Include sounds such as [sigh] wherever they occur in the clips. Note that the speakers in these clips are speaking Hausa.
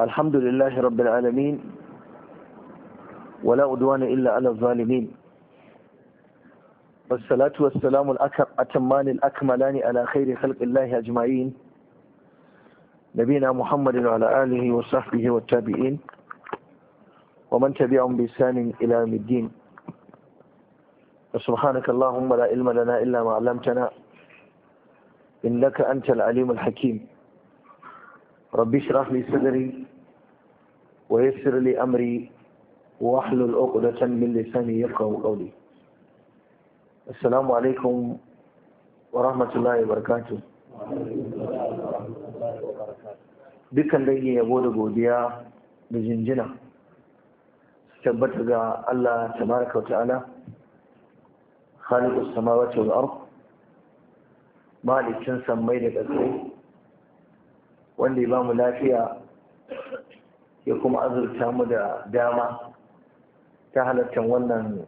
الحمد لله رب العالمين ولا أدوان إلا على الظالمين والصلاة والسلام الأتمان الأكملان على خير خلق الله أجمعين نبينا محمد وعلى آله وصحبه والتابعين ومن تبعهم بإحسان إلى يوم الدين سبحانك اللهم لا علم لنا إلا ما علمتنا إنك أنت العليم الحكيم رب اشرح لي صدري ويسر لي أمري واحلل عقدة من لساني يفقه قولي السلام عليكم ورحمة الله وبركاته dukkan dangi yabo da godiya da jinjina tabbata ga Allah tabaraka wa ta'ala khaliqus samawati wal ard malikin sammai da ƙasai wanda ya bamu lafiya ya kuma azurta mu da dama ta halartar wannan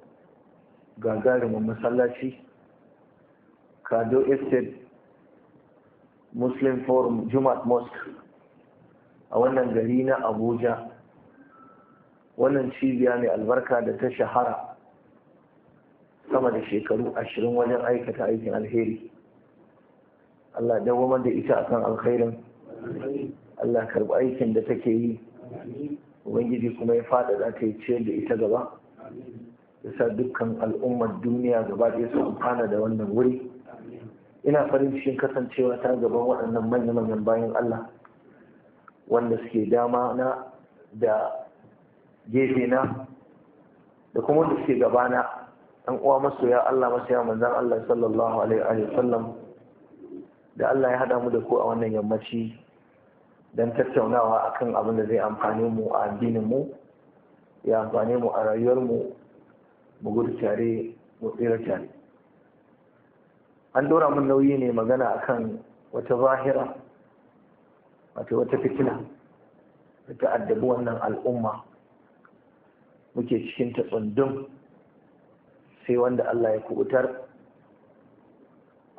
gagarumin masallaci kado estate muslim forum jumat mosque a wannan gari na abuja wannan cibiya mai albarka da ta shahara sama da shekaru ashirin wajen aikata aikin alheri allah dawo da ita akan alkhairin Allah karɓi aikin da take yi ubangiji kuma ya fada za ta yi ciyar da ita gaba ya sa dukkan al'ummar duniya gaba ɗaya su amfana da wannan wuri ina farin cikin kasancewa ta gaban waɗannan manya-manyan bayan Allah wanda suke dama na da gefe na da kuma wanda suke gabana ɗan uwa masoya Allah masoya manzan Allah sallallahu alaihi wa da Allah ya haɗa mu da ku a wannan yammaci don tattaunawa akan abin da zai amfani mu a mu ya amfani mu a rayuwar mu gudu tare mu tsira tare an dora mun nauyi ne magana akan wata zahira wato wata fitina da ta addabi wannan al'umma muke cikin ta tsundum sai wanda Allah ya kubutar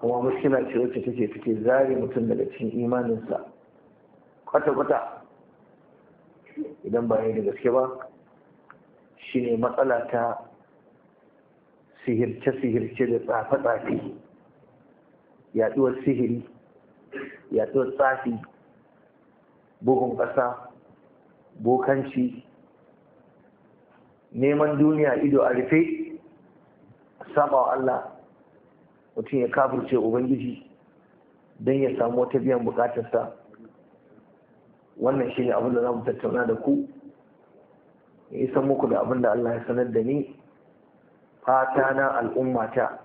kuma muslima ce wacce take take zare mutum daga cikin imaninsa kwata-kwata idan ba da gaske ba shi ne matsala ta sihirce-sihirce da tsafe-tsafe yaduwar sihiri yaduwar tsafi bugun ƙasa bokanci neman duniya ido a rufe saba wa Allah mutum ya kafurce ubangiji don ya samu wata biyan bukatarsa wannan shi ne abin da za mu tattauna da ku ya san muku da abin da Allah ya sanar da ni fata na al'ummata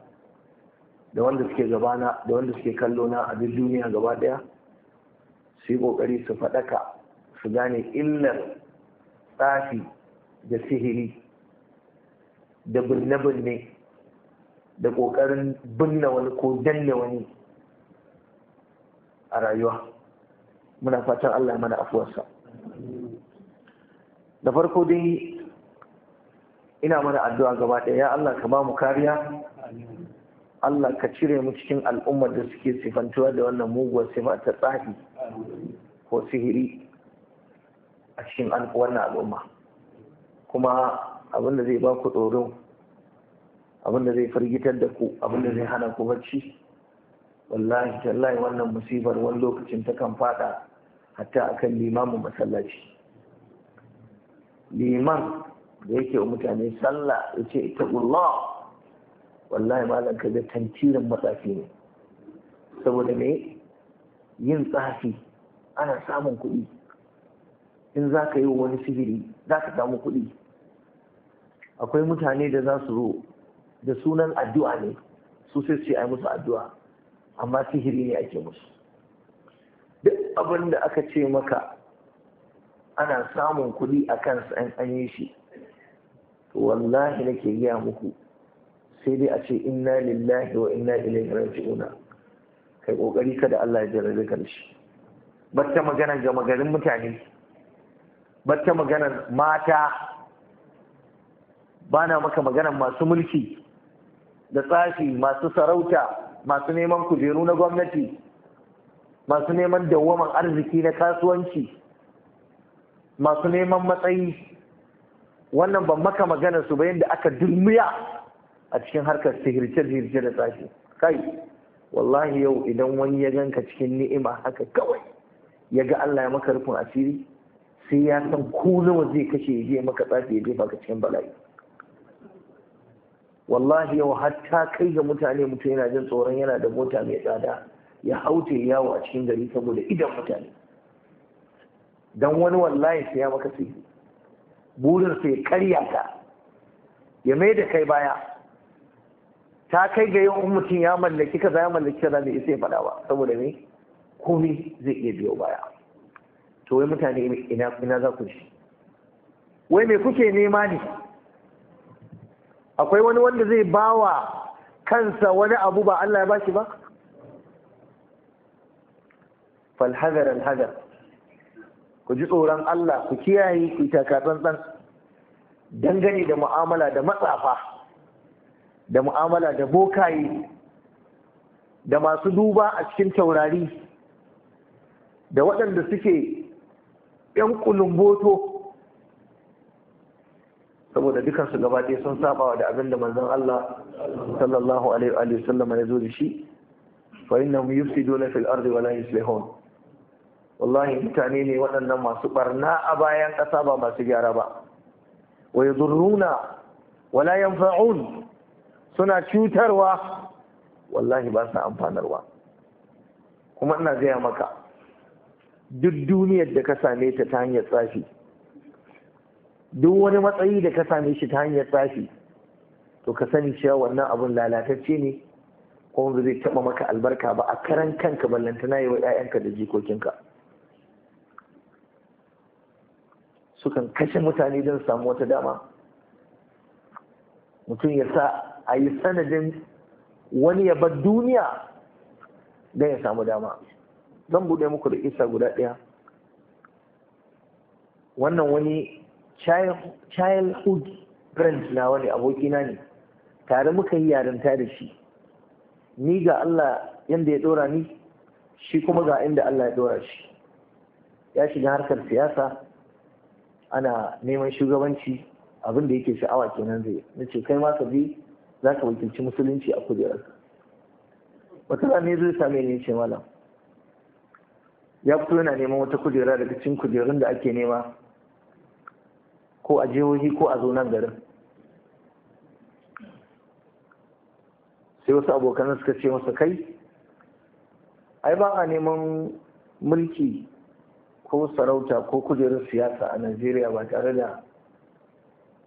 da wanda suke gabana da wanda suke kallo na a duk duniya gaba ɗaya, su yi kokari su faɗaka su gane illar tsafi da sihiri da birne-birne, da ƙoƙarin binne wani ko danne wani a rayuwa muna fatan Allah mana afuwarsa da farko dai ina mana addu'a gaba ɗaya ya Allah ka ba mu kariya Allah ka cire mu cikin al'ummar da suke sifantuwa da wannan muguwar sifa ta tsahi ko sihiri a cikin wannan al'umma kuma abin da zai ba ku tsoro, abin da zai firgitar da ku abin da zai hana ku barci, wallahi wallahi wannan musibar wani lokacin ta kan fada hatta akan limamin masallaci liman da yake wa mutane sallah ya ce ita Allah wallahi malam ka ga tantirin matsafi ne saboda me yin tsafi ana samun kuɗi in za ka yi wa wani sihiri za ka samu kuɗi akwai mutane da za su zo da sunan addu'a ne su sai su ce musu addu'a amma sihiri ne ake musu duk abin da aka ce maka ana samun kuɗi a kan an an shi to wallahi nake gaya muku sai dai a ce inna lillahi wa inna ilaihi raji'una kai kokari kada Allah ya jarrabe ka da shi batta magana ga magarin mutane batta maganar mata bana maka maganar masu mulki da tsafi masu sarauta masu neman kujeru na gwamnati masu neman dawwaman arziki na kasuwanci masu neman matsayi wannan ban maka magana su ba yadda aka dulmiya a cikin harkar sihirce-sihirce da tsafi kai wallahi yau idan wani ya ganka cikin ni'ima haka kawai ya ga Allah ya maka rufin asiri sai ya san ko nawa zai kashe ya je maka tsafi ya jefa ka cikin bala'i wallahi yau hatta kai ga mutane mutum yana jin tsoron yana da mota mai tsada ya haute yawo a cikin gari saboda idan mutane don wani wallahi sai ya maka sai burin sai karya ka ya mai da kai baya ta kai ga yau mutum ya mallaki kaza ya mallaki kaza mai isa ya faɗa ba saboda me komai zai iya biyo baya to wai mutane ina ina za ku shi wai me kuke nema ne akwai wani wanda zai bawa kansa wani abu ba Allah ya bashi ba falhazar alhazar ku ji tsoron Allah ku kiyaye ku taka tsantsan dangane da mu'amala da matsafa da mu'amala da bokaye da masu duba a cikin taurari da waɗanda suke ‘yan kulumboto saboda su gaba ɗaya sun sabawa da abin da manzon Allah sallallahu alaihi wa sallam ya zo da shi fa innahum yufsiduna fil ardi wa la yuslihun wallahi mutane ne waɗannan masu barna a bayan ƙasa ba masu gyara ba wa yadurruna wala yanfa'un suna cutarwa wallahi ba su amfanarwa kuma ina gaya maka duk duniyar da ka same ta ta hanyar tsafi duk wani matsayi da ka same shi ta hanyar tsafi to ka sani cewa wannan abun lalatacce ne kuma zai taɓa maka albarka ba a karan kanka ballantana yi wa 'ya'yanka da jikokinka sukan kashe mutane don samu wata dama mutum ya sa a yi sanadin wani ya bar duniya don ya samu dama zan buɗe muku da isa guda ɗaya wannan wani childhood friend na wani abokina ne tare muka yi yarinta da shi ni ga Allah yadda ya ɗora ni shi kuma ga inda Allah ya ɗora shi ya shiga harkar siyasa ana neman shugabanci abin da yake sha'awa kenan zai na ce kai ma ka bi za ka wakilci musulunci a kujerar wata ne zai same ne ce malam ya fito yana neman wata kujera daga cikin kujerun da ake nema ko a jihohi ko a zonar garin sai wasu abokan suka ce masa kai ai ba a neman mulki ko sarauta ko kujerar siyasa a najeriya ba tare da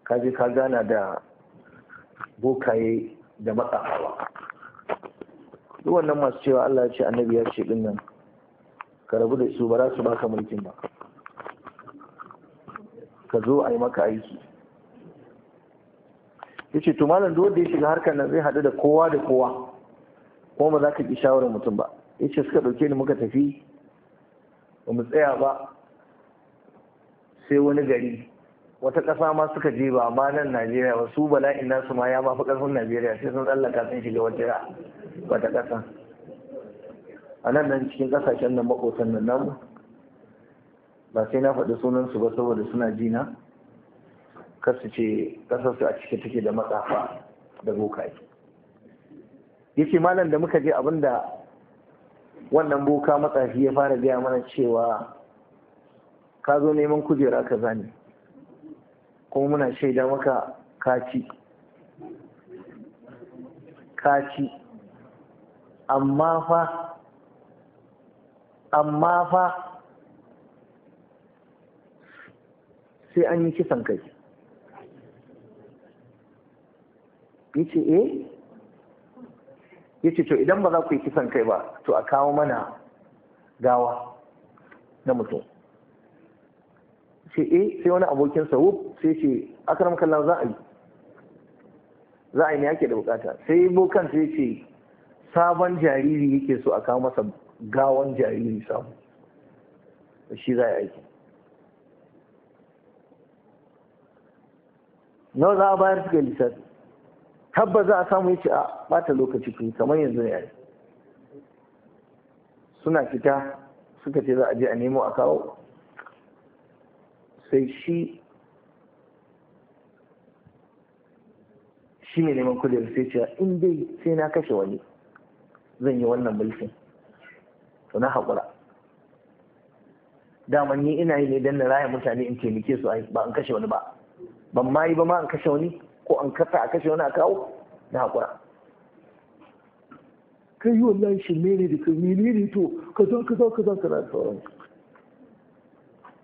kaji ka gana da bokaye da matsawa duk wannan masu cewa allah ya ce annabi ya ce din nan ka rabu da su ba za su baka mulkin ba ka zo a yi maka aiki ya ce to malam duk wanda ya shiga harkar nan zai hadu da kowa da kowa kuma ba za ka ƙi shawarar mutum ba ya ce suka ɗauke ni muka tafi ba mu tsaya ba sai wani gari wata kasa ma suka je ba ma nan najeriya ba su bala'in nasu ma ya mafi ƙarfin najeriya sai sun tsallaka sun shiga wata wata ƙasa a nan nan cikin ƙasashen nan maƙotan nan namu ba sai na faɗi sunansu ba saboda suna jina kasu ce ƙasarsu a cike take da matsafa da bokaye yace malam da muka je abin da. wannan boka matsafi ya fara gaya mana cewa ka zo neman kujera ka zane kuma muna shaida maka kaci kaci amma fa amma fa sai an yi kisan kai yace eh ya ce to idan ba za ku yi kisan kai ba to a kawo mana gawa na mutum sai eh sai wani abokin sa wuf sai ce akram kallon za a yi za a yi ne ake da bukata sai yi bokan sai ce sabon jariri yake so a kawo masa gawan jariri samu shi za a yi aiki nawa za a bayar suka lissafi tabba za a samu yace a bata lokaci kun kamar yanzu ne ai suna fita suka ce za a je a nemo a kawo sai shi shi ne neman kujerar sai ce in dai sai na kashe wani zan yi wannan mulkin to na haƙura dama ni ina yi ne don na raya mutane in taimake su ba in kashe wani ba ban ma yi ba ma in kashe wani ko an kasa a kashe wani a kawo na haƙura kai yi wallahi shi mene da kai mene ne to ka zo ka zo da sauran ka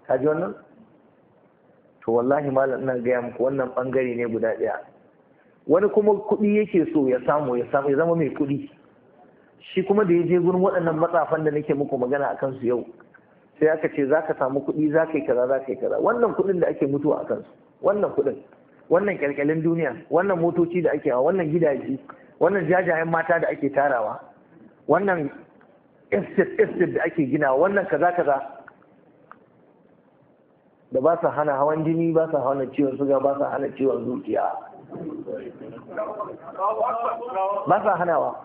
Ka ji wannan to wallahi malam ina gaya muku wannan bangare ne guda ɗaya wani kuma kuɗi yake so ya samu ya samu ya zama mai kuɗi shi kuma da ya je gurin waɗannan matsafan da nake muku magana a kansu yau sai aka ce za ka samu kuɗi za ka yi kaza za ka yi kaza wannan kuɗin da ake mutuwa a kansu wannan kuɗin wannan kyalkyalin duniya wannan motoci da ake hawa wannan gidaje wannan jajayen mata da ake tarawa wannan estate estate da ake gina wannan kaza kaza da ba su hana hawan jini ba su hana ciwon suga ba su hana ciwon zuciya ba su hanawa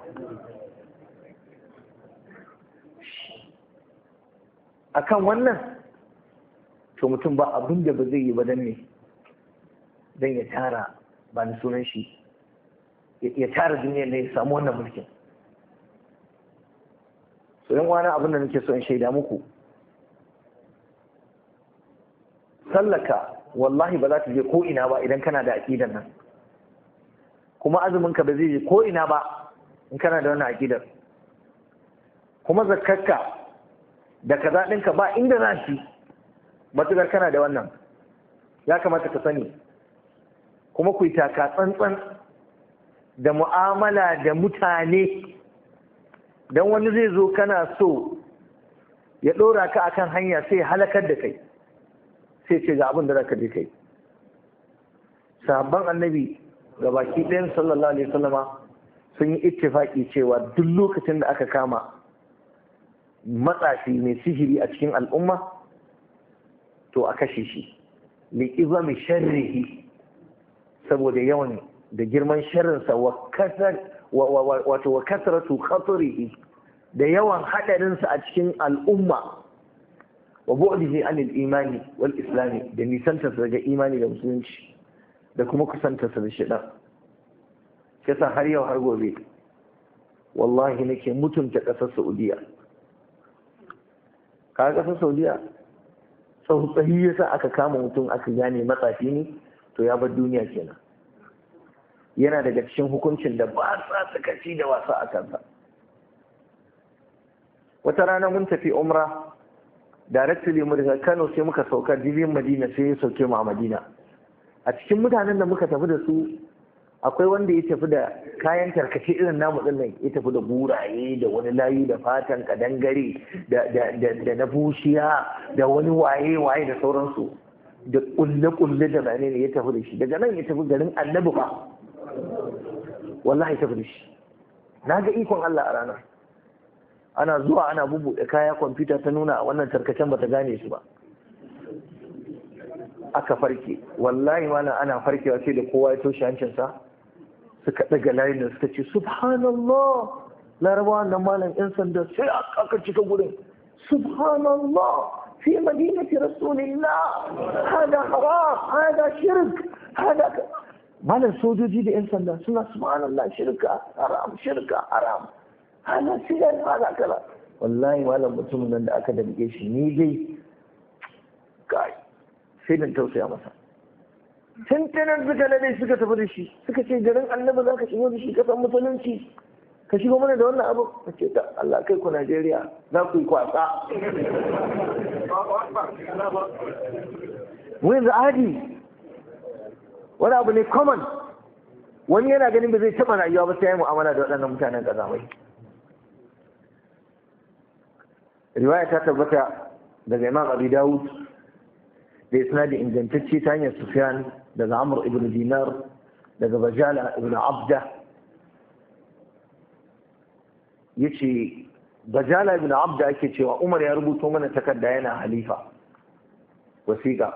akan wannan to mutum ba abin da ba zai yi ba dan ne zai ya tara ba ni sunan shi ya tara duniyar ne ya samu wannan mulkin so yan wani abin da nake so in shaida muku sallaka wallahi ba za ta je ko ba idan kana da aƙidar nan kuma azumin ka ba zai je ko'ina ba in kana da wannan aƙidar kuma zakarka da ka ɗinka ba inda za shi matuƙar kana da wannan ya kamata ka sani kuma ku yi taka tsantsan da mu'amala da mutane don wani zai zo kana so ya ɗora ka akan hanya sai halakar da kai sai ce ga abin da zaka je kai Sabon annabi ga baki ɗayan sallallahu alaihi wasallama sun yi ittifaki cewa duk lokacin da aka kama matsafi mai sihiri a cikin al'umma to a kashe shi li izami sharrihi saboda yawan da girman shirinsa wa kasar wato da yawan hadarinsa a cikin al'umma wa bu'dihi anil imani wal islami da nisantarsa daga imani da musulunci da kuma kusantarsa da shaitan yasa har yau har gobe wallahi nake mutunta ƙasar saudiya ka ƙasar saudiya tsautsayi yasa aka kama mutum aka gane matsafi ne to ya bar duniya kenan yana daga cikin hukuncin da ba sa sakaci da wasa a kansa wata rana mun tafi umra directly mu daga Kano sai muka sauka dibin Madina sai ya sauke mu a Madina a cikin mutanen da muka tafi da su akwai wanda ya tafi da kayan tarkace irin namu din nan ya tafi da buraye da wani layi da fatan kadangare da na bushiya da wani waye waye da sauransu da kulle-kulle da bane ne ya tafi da shi daga nan ya tafi garin annabi ba wallahi tafi da shi na ga ikon Allah a ranar ana zuwa ana bubuɗe kaya kwamfuta ta nuna wannan tarkacen bata gane su ba aka farke wallahi mana ana farkewa sai da kowa ya toshe hancinsa suka ɗaga layin da suka ce subhanallah larabawa da malam yan sanda sai aka cika gudun, subhanallah في مدينة رسول الله هذا حرام هذا شرك هذا ك... malam sojoji da 'yan sanda suna subhanallah shirka haram shirka haram hana sigar hana kala wallahi malam mutumin nan da aka damge shi ni dai kai sai dan tausaya masa tuntunan suka nade suka tafi da shi suka ce garin annabi za ka shigo da shi musulunci ka shigo mana da wannan abu ka ce da Allah kai ku Najeriya za ku yi kwasa wani za'adi wani abu ne common wani yana ganin ba zai taɓa rayuwa ba sai ya mu'amala da waɗannan mutanen ƙazamai riwaya ta tabbata daga imam abi dawud da isnadi ingantacce ta hanyar sufyan daga amr ibn dinar daga bajala ibn abda yace bajala ibn abda ake cewa umar ya rubuto mana takarda yana halifa wasiƙa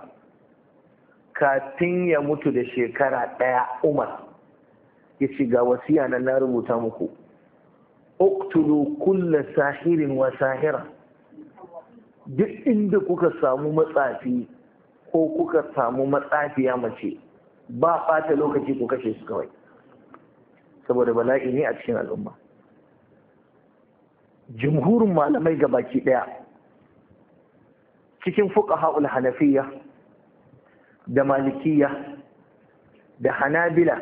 kafin ya mutu da shekara ɗaya umar ya ce ga wasiya nan na rubuta muku uktulu kulla sahirin wa sahira duk inda kuka samu matsafi ko kuka samu matsafiya mace ba ɓata lokaci ku kashe su kawai saboda bala'i ne a cikin al'umma jumhurin malamai ga baki ɗaya cikin fuka haul hanafiya da malikiya da hanabila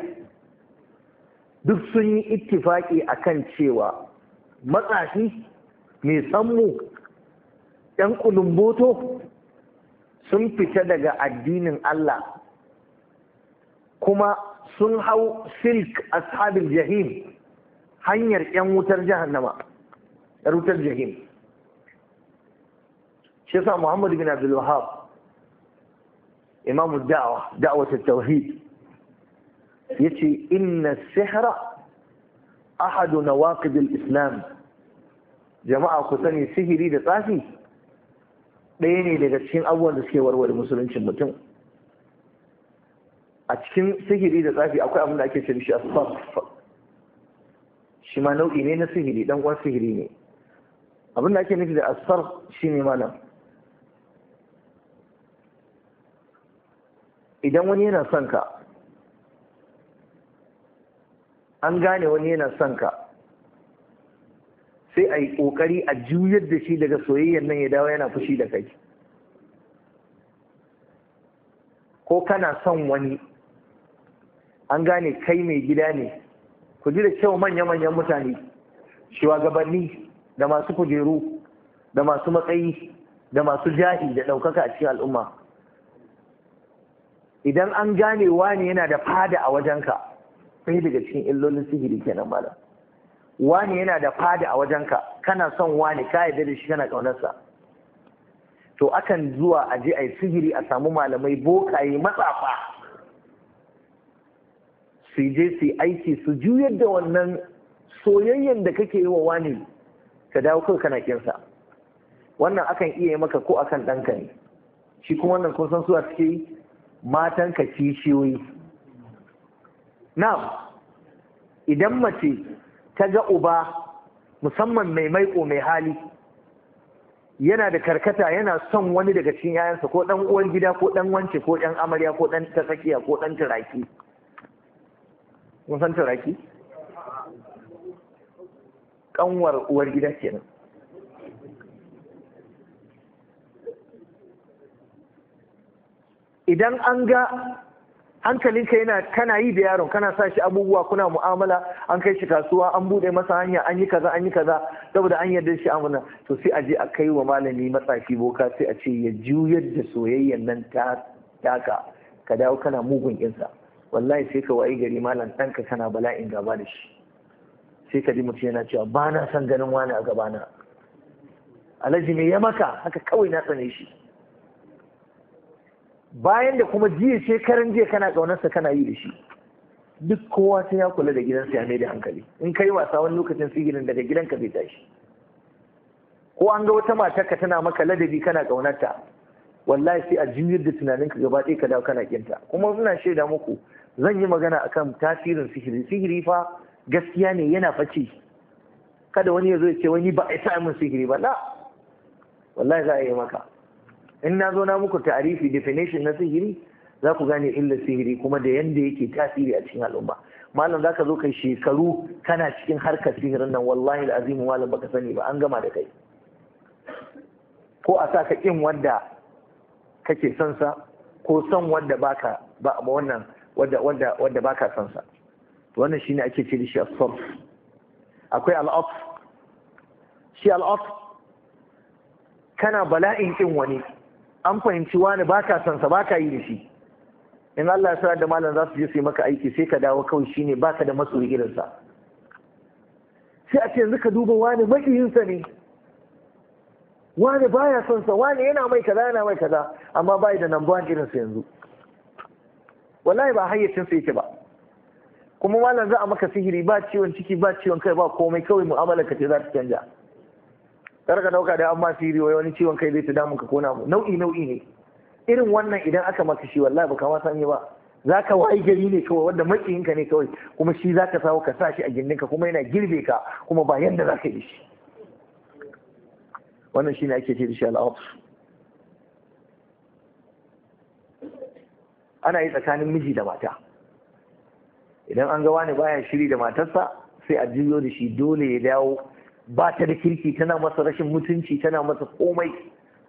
duk sun yi a kan cewa matsashi mai sammu ‘yan ƙulumboto sun fita daga addinin Allah kuma sun hau silk sabin jahim hanyar ‘yan wutar jahannama yar wutar jahim shi yasa Muhammad bin Abdul wahab imamu da'wa da'wat at-tauhid yace inna sihra ahadu nawaqid al-islam jama'a ku sani sihiri da tsafi ɗaya ne daga cikin abubuwan da suke warware musuluncin mutum a cikin sihiri da tsafi akwai abin da ake ce shi asfaf shi ma nau'i ne na sihiri ɗan uwan sihiri ne abin da ake nufi da shi shine malam idan wani yana son ka an gane wani yana son ka sai a yi ƙoƙari a juyar da shi daga soyayyar nan ya dawo yana fushi da kai ko kana son wani an gane kai mai gida ne ku ji da kyau manya-manyan mutane shugabanni da masu kujeru da masu matsayi da masu jahi da ɗaukaka a cikin al'umma idan an gane wani yana da fada a wajenka sai daga cikin illolin sihiri kenan malam wani yana da fada a wajenka kana son wani ka yarda da shi kana ƙaunarsa to akan zuwa a je a yi sihiri a samu malamai bokaye matsafa su je su aiki su juyar da wannan soyayyen da kake yi wa wani ka dawo kai kana kinsa wannan akan iya yi maka ko akan ɗanka ne shi kuma wannan kun san suwa suke matan ka kishiyoyi na idan mace ta ga uba musamman mai maiko mai hali yana da karkata yana son wani daga cikin yayansa ko ɗan uwan gida ko ɗan wance ko ɗan amarya ko ɗan ko ɗan turaki mun san turaki kanwar uwar gida kenan idan an ga hankalinka yana kana yi da yaron kana sa shi abubuwa kuna mu'amala an kai shi kasuwa an bude masa hanya an yi kaza an yi kaza saboda an yarda shi amana to sai a je a kai wa malami matsafi boka sai a ce ya juyar da soyayyan nan ta taka ka dawo kana mugun insa wallahi sai ka wayi gari malam ɗanka kana bala'in gaba da shi sai ka ji mutum yana cewa ba na son ganin wani a gabana alhaji ne ya maka haka kawai na tsane shi bayan da kuma jiya shekaran jiya kana kaunarsa kana yi da shi duk kowa sai ya kula da gidansa ya da hankali in kai wasa wani lokacin gidan daga ka zai tashi ko an ga wata matarka tana maka ladabi kana kaunarta, wallahi sai a jinyar da tunaninka gaba ɗaya ka dawo kana kinta kuma ina shaida muku zan yi magana akan tasirin sihiri sihiri fa gaskiya ne yana faci kada wani ya zo ya ce wani ba a sa min sihiri ba la wallahi za a yi maka in na zo na muku tarifi definition na sihiri za ku gane illar sihiri kuma da yanda yake tasiri a cikin al'umma malam za ka zo kai shekaru kana cikin harkar sihirin nan wallahi azimin malam ka sani ba an gama da kai ko a sa ka kin wanda kake son sa ko son wanda baka ba wannan wanda wanda baka son sa wannan shine ake ce da shi as-sarf akwai al-atf shi al-atf kana bala'in kin wani an fahimci wani baka son sa baka yi da shi in Allah ya sa da malam za su je su yi maka aiki sai ka dawo kawai shine baka da masoyi irin sa sai a ce yanzu ka duba wani makiyin sa ne wani baya son sa wani yana mai kaza yana mai kaza amma bai da number 1 irin sa yanzu wallahi ba hayyacin sa yake ba kuma malam za a maka sihiri ba ciwon ciki ba ciwon kai ba komai kawai mu'amala ka ce za ta canja kar ka dauka da amma sihiri wai wani ciwon kai zai ta damun ka ko na nau'i nau'i ne irin wannan idan aka maka shi wallahi baka ma sani ba za ka wayi gari ne kawai wanda ka ne kawai kuma shi za ka sawo ka sa shi a gindinka kuma yana girbe ka kuma ba yanda za ka yi shi wannan shine ake ce da shi al'adu. ana yi tsakanin miji da mata idan an ga wani baya shiri da matarsa sai a juyo da shi dole ya dawo ba ta da kirki tana masa rashin mutunci tana masa komai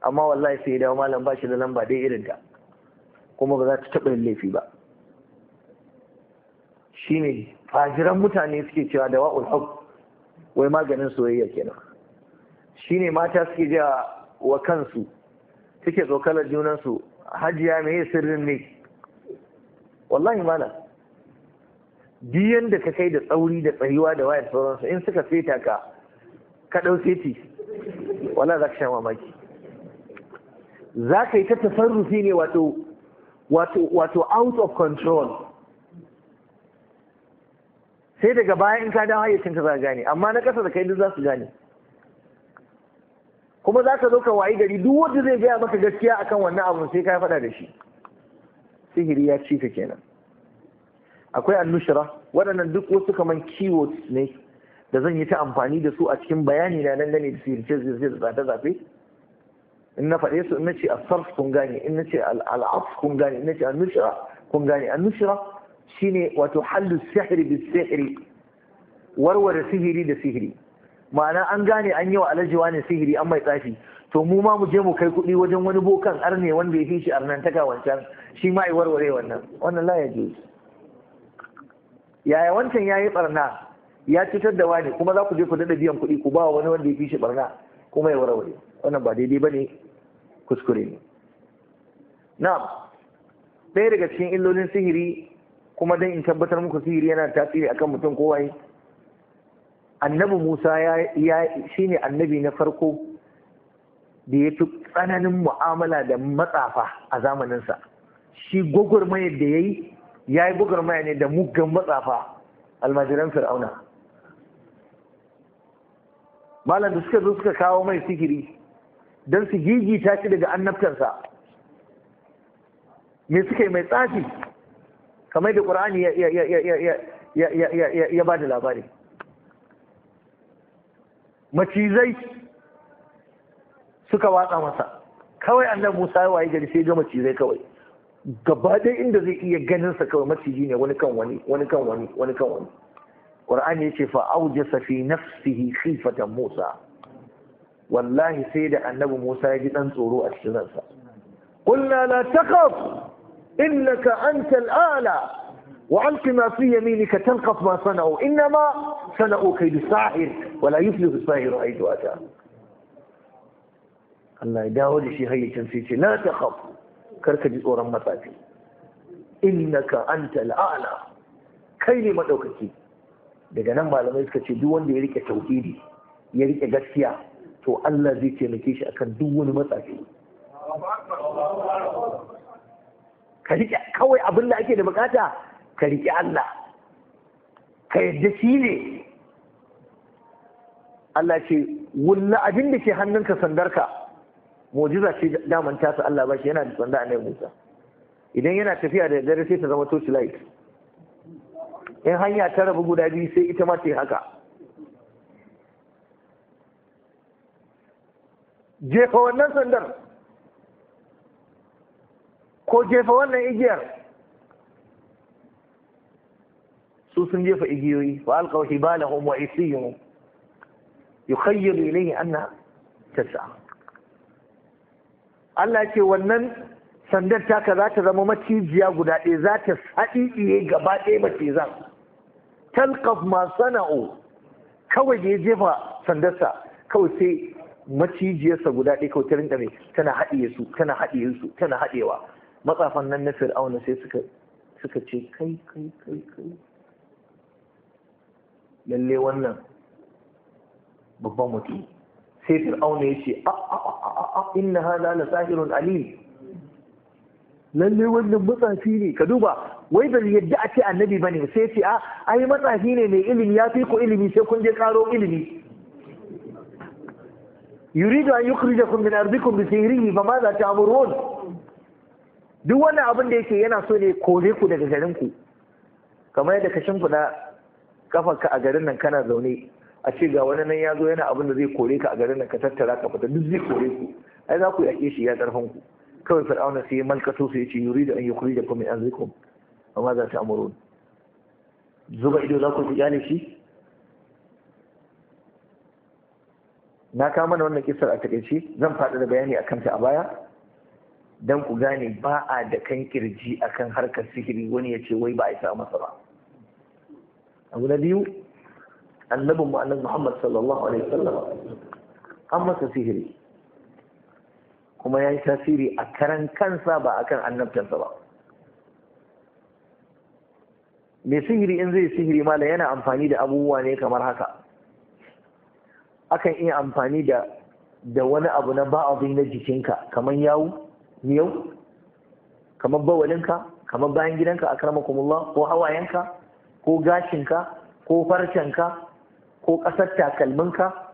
amma wallahi sai ya dawo malam ba shi da lamba dai irin ta kuma ba za ta taɓa yin laifi ba shine fajiran mutane suke cewa da wa'ul haq wai maganin soyayya kenan shine mata suke jiya wa kansu suke tsokalar junansu hajiya me sirrin ne wallahi malam duk da ka kai da tsauri da tsayuwa da wayar sauransu in suka feta ka ka ɗau wala za ka sha mamaki za ka yi ta tafarrufi ne wato out of control sai daga baya in ka dawo hayyacin ka za gane amma na ƙasa da kai duk za su gane kuma za ka zo ka wayi gari duk wanda zai gaya maka gaskiya akan wannan abun sai ka faɗa da shi sihiri ya ci ka kenan akwai annushira waɗannan duk wasu kaman kiwo ne da zan yi ta amfani da su a cikin bayani na nan gane da sirce zirce da tsafe zafe in na faɗe su in na ce asarf kun gane in na ce al'af kun gane in na ce annushira kun gane annushira shine wato hallu sihiri bi sihiri warware sihiri da sihiri ma'ana an gane an yi wa alajiwa ne sihiri an mai tsafi to mu ma mu je mu kai kuɗi wajen wani bokan arne wanda ya fi shi arnantaka wancan shi ma'i warware wannan wannan la ya yaya wancan ya yi barna ya cutar da wani kuma za ku je ku daɗa biyan kuɗi ku ba wani wanda ya fi shi barna kuma ya warware wannan ba daidai ba ne kuskure ne na'am ɗaya daga cikin illolin sihiri kuma dan in tabbatar muku sihiri yana tasiri akan mutum ko waye annabi Musa ya shine annabi na farko da ya fi tsananin mu'amala da matsafa a zamaninsa shi gwagwarmayar da ya yi ya yi maya ne da muggan matsafa almajiran fir'auna malam da suka zo suka kawo mai sihiri don su gigita shi daga annabtarsa me suka yi mai tsafi kamar da ƙur'ani ya ba da labari macizai suka watsa masa kawai annan musa ya waye gari sai ga macizai kawai gaba dai inda zai iya ganin sa kawai maciji ne wani kan wani wani kan wani wani kan wani qur'ani yace fa awjasa fi nafsihi khifatan musa wallahi sai da annabi musa ya ji dan tsoro a cikin ransa qulna la taqaf innaka anta al'ala wa alqi ma fi yaminika tanqaf ma sana'u inma sana'u kaydu sa'ir wa la yuflihu sa'ir haythu ata Allah ya dawo da shi hayyacin sai ce la taqaf karka ji tsoron matsafi innaka anta la'ana. kai ne madaukaki daga nan malamai suka ce duk wanda ya rike tauhidi ya rike gaskiya to Allah zai taimake shi akan duk wani matsafi ka rike kawai abin da ake da bukata ka rike Allah ka yarda shi ne Allah ce wulla abin da ke hannunka sandarka mu'jiza ce daman su Allah ba yana da sanda nemi Musa idan yana tafiya da dare sai ta zama torch light in hanya ta rabu guda biyu sai ita ma ta haka jefa wannan sandar ko jefa wannan igiyar su sun jefa igiyoyi wa alqaw hibalahum wa isiyum yukhayyiru ilayhi anna tas'a Allah ce wannan sandar taka za ta zama macijiya guda ɗaya za ta iye gaba ɗaya za talqaf ma sana'o kawai da ya jefa sandarsa kawai sai macijiyarsa guda ɗaya kawai ta rinka mai tana haɗiye su tana haɗiye su tana haɗewa matsafan nan na fir'auna sai suka suka ce kai kai kai kai lalle wannan babban mutum sai fir'auna ya ce a ah, a ah, a ah. inna hada la sahirun alim lalle wannan matsafi ne ka duba wai ba yadda a ce annabi bane sai ce a ai matsafi ne mai ilimi ya fi ku ilimi sai kun je karo ilimi yuridu an yukhrijakum min ardikum bi sihrihi fa ma za ta'murun duk wannan abin da yake yana so ne kore ku daga garin ku kamar yadda ka shimfiɗa kafarka a garin nan kana zaune a ce ga wani nan ya zo yana abin da zai kore ka a garin nan ka tattara ka fita duk zai kore ku ai za ku yaƙe shi ya ƙarfin ku kawai fir'auna sai malkato sai ya ce yuri da an yukhrijakum min arzikum amma za ta amurun zuba ido za ku kyale shi na kama mana wannan kisar a takaice zan faɗi da bayani a kanta a baya don ku gane ba a da kan kirji kan harkar sihiri wani ya ce wai ba a isa masa ba abu na biyu annabin mu annabi Muhammad sallallahu alaihi wasallam an masa sihiri kuma ya yi tasiri a karan kansa ba a kan annabtansa ba mai sihiri in zai sihiri malam yana amfani da abubuwa ne kamar haka akan iya amfani da wani abu na ba'abi na jikinka kamar yawu miyau kamar bawalinka kamar bayan gidanka a kumulla ko hawayenka ko gashinka ko farcenka ko ƙasar takalminka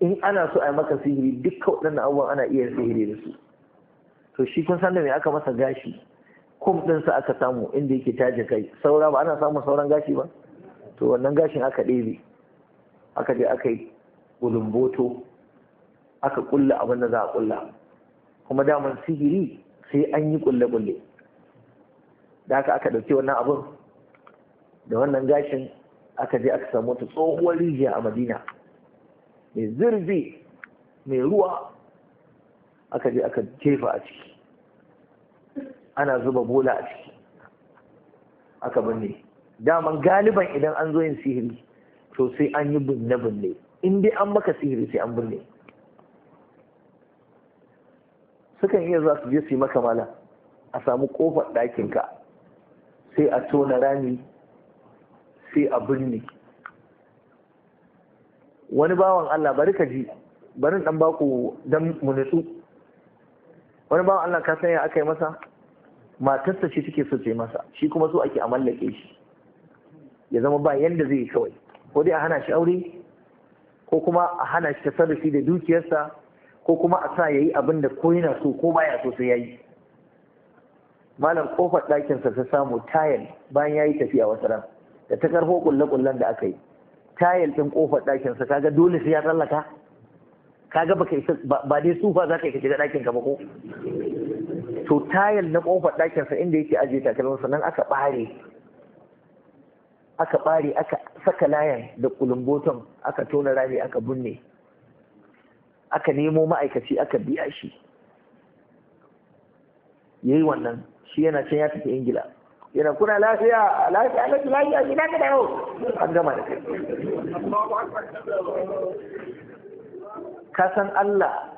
in ana so a yi maka sihiri duk waɗannan abubuwan ana iya sihiri da su to shi kun san da mai aka masa gashi kum ɗinsa aka samu inda yake taje kai saura ba ana samun sauran gashi ba to wannan gashin aka ɗebe aka je aka yi gulumboto aka kulla abin da za a kulla kuma daman sihiri sai an yi kulle-kulle da aka aka ɗauki wannan abin da wannan gashin aka je aka samu ta tsohuwar rijiya a madina mai zirbi mai ruwa aka je aka jefa a ciki ana zuba bola a ciki aka binne daman galiban idan an zo yin sihiri to sai an yi binne-binne in dai an maka sihiri sai an binne sukan iya za su je su yi maka mala a samu kofar ɗakinka sai a tona rami sai a binne wani bawan Allah bari ka ji barin dan baku dan mu nutsu wani bawan Allah ka sanya aka yi masa matarsa shi take so ta masa shi kuma so ake a mallake shi ya zama ba yanda zai yi kawai ko dai a hana shi aure ko kuma a hana shi tasarrufi da dukiyarsa ko kuma a sa yayi abin da ko yana so ko baya so sai yayi malam kofar ɗakinsa ta samu tayal bayan yayi tafiya wata ran da ta karho ƙulle kullen da aka yi tayil ɗin ƙofar ɗakinsa kaga dole sai ya tsallaka kaga ba kai ba dai sufa za ka yi ka shiga ɗakin ka ba ko to tayil na ƙofar ɗakinsa inda yake ajiye sa nan aka bare aka ɓare aka saka layan da kulumboton aka tona rami aka binne aka nemo ma'aikaci aka biya shi yayi wannan shi yana can ya tafi ingila yana kuna lafiya lafiya lafiya lafiya ina da dawo an gama da kai ka san Allah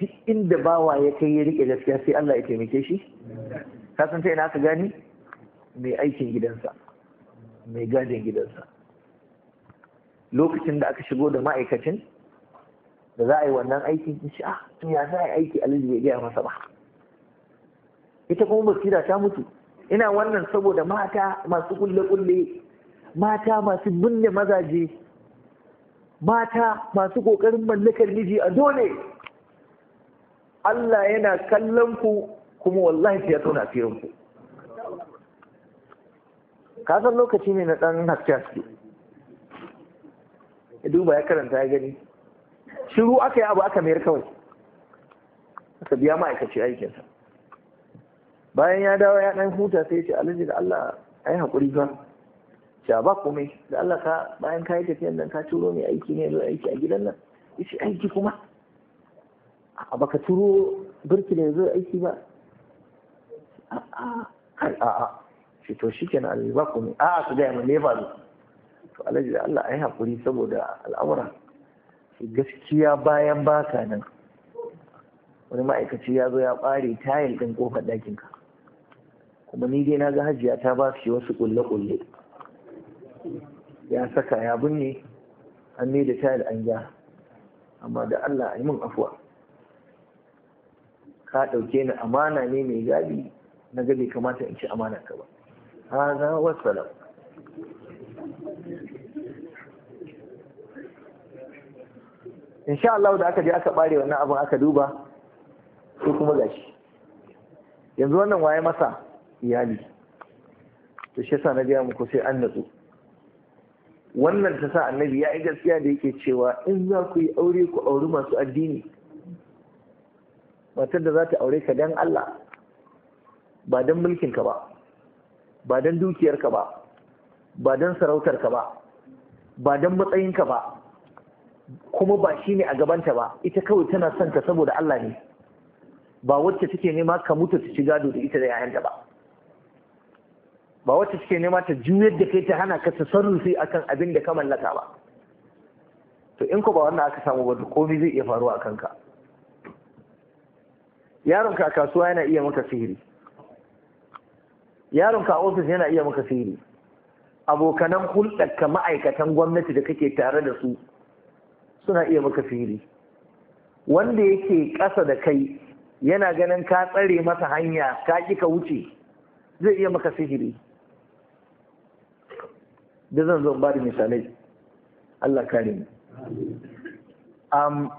duk inda bawa ya kai ya rike gaskiya sai Allah ya taimake shi ka san ta ina aka gani mai aikin gidansa mai gadin gidansa lokacin da aka shigo da ma'aikacin da za a yi wannan aikin in ce ah ya za a yi aiki alhaji ya gaya masa ba ita kuma basira ta mutu ina wannan saboda mata masu kulle-kulle mata masu binne mazaje mata masu ƙoƙarin mallakar miji a dole Allah yana kallon ku kuma wallahi ya tona firin ku ka lokaci ne na ɗan haske haske ya duba ya karanta ya gani shiru aka yi abu aka mayar kawai aka biya ma'aikaci aikinsa bayan ya dawo ya dan huta sai ce alhaji da Allah ai hakuri fa ya ba kuma da Allah ka bayan ka yi tafiyan nan ka turo mai aiki ne da aiki a gidan nan yace aiki kuma a baka turo birki ne zo aiki ba a'a a shi to shikenan alhaji ba kuma a'a su ga mu ne ba to alhaji da Allah ai hakuri saboda al'amura gaskiya bayan baka nan wani ma'aikaci ya zo ya ɓare tayil ɗin ƙofar ɗakinka kuma ni dai na ga hajiya ta ba shi wasu kulle-kulle ya saka ya binne an da tayar an ja. amma da Allah a yi min afuwa ka ɗauke ni amana ne mai gadi na ga bai kamata in ci amana ka ba haza wassalam insha Allah da aka je aka bare wannan abin aka duba su kuma gashi yanzu wannan waye masa iyali to shi yasa na gaya muku sai an natsu wannan ta sa annabi ya yi gaskiya da yake cewa in za ku yi aure ku auri masu addini matar da za ta aure ka dan Allah ba dan ka ba ba dan dukiyarka ba ba dan sarautarka ba ba dan matsayinka ba kuma ba shi ne a gabanta ba ita kawai tana son ka saboda Allah ne ba wacce take nema ka mutu ta ci gado da ita da 'ya'yanta ba ba wata suke nema ta juyar da kai ta hana ka a akan abin da ka mallaka ba to in ko ba wannan aka samu ba komai zai iya faruwa a kanka yaronka a kasuwa yana iya maka sihiri yaronka a ofis yana iya maka sihiri abokanan hulɗarka ma'aikatan gwamnati da kake tare da su suna iya maka sihiri wanda yake ƙasa da kai yana ganin ka tsare masa hanya ka ƙi ka wuce zai iya maka sihiri da zan zo ba da misalai Allah kare ni am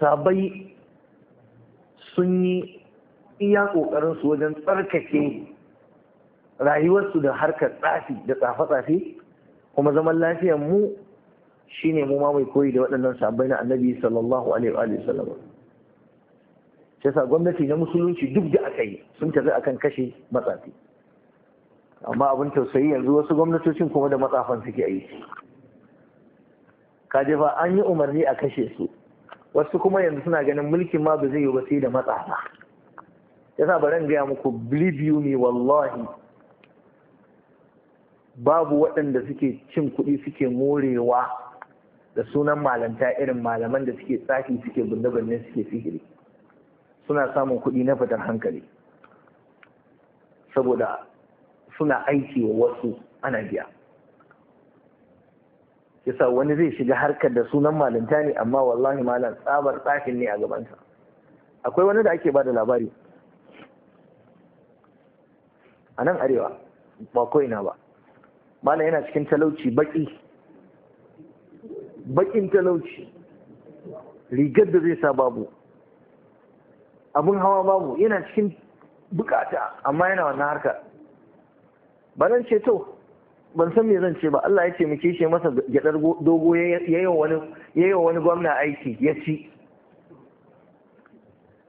sabai sun yi iya ƙoƙarinsu wajen tsarkake rayuwarsu da harkar tsafi da tsafe-tsafe kuma zaman lafiyar mu shine mu ma mai koyi da waɗannan sabai na annabi sallallahu alaihi wa sallam sai sa gwamnati na musulunci duk da aka yi sun tafi akan kashe matsafi amma abin tausayi yanzu wasu gwamnatocin kuma da matsafan suke aiki kaje ba an yi umarni a kashe su wasu kuma yanzu suna ganin mulkin ma ba zai yi ba sai da matsafa yasa bari gaya muku believe you wallahi babu waɗanda suke cin kuɗi suke morewa da sunan malanta irin malaman da suke tsaki suke bunne-bunne suke sihiri suna samun kuɗi na fitar hankali saboda suna aiki wa wasu ana biya yasa wani zai shiga harkar da sunan malinta ne amma wallahi malam tsabar tsafin ne a gabansa akwai wani da ake ba da labari a nan arewa ba ina ba malam yana cikin talauci baki bakin talauci rigar da zai sa babu abin hawa babu yana cikin bukata amma yana wannan harkar ba nan ce to ban san me zan ce ba Allah ya ce mu kishe masa gyadar dogo yayin wani wani gwamna aiki ya ci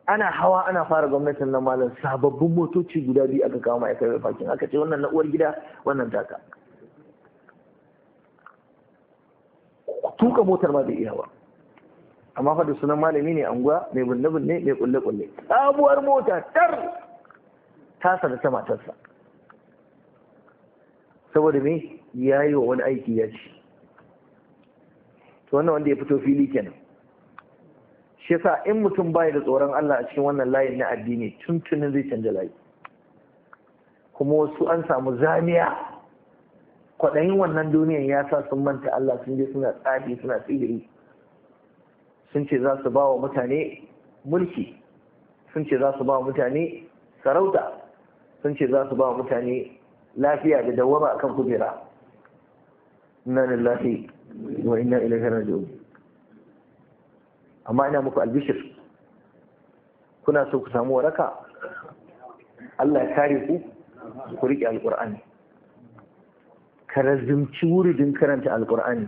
ana hawa ana fara gwamnatin na malam sababbin motoci guda biyu aka kawo ma'aikatar bakin aka ce wannan na uwar gida wannan taka tuka motar ma bai iya ba amma fa da sunan malami ne anguwa mai bunne-bunne mai kulle-kulle sabuwar mota tar tasa da ta matarsa saboda mai ya yi wa wani aiki ya ci to wannan wanda ya fito fili kenan shi yasa in mutum bai da tsoron Allah a cikin wannan layin na addini tuntunin zai canja layi kuma wasu an samu zamiya kwaɗayin wannan duniyan ya sa sun manta Allah sun je suna tsafi suna tsiri, sun ce za su ba wa mutane mulki sun ce za su ba wa mutane sarauta sun ce za su ba wa mutane lafiya da a kan kujera inna lillahi wa inna ilaihi raji'un amma ina muku albishir kuna so ku samu waraka Allah ya kare ku ku riƙe alƙur'ani ka razumci wuridin karanta alƙur'ani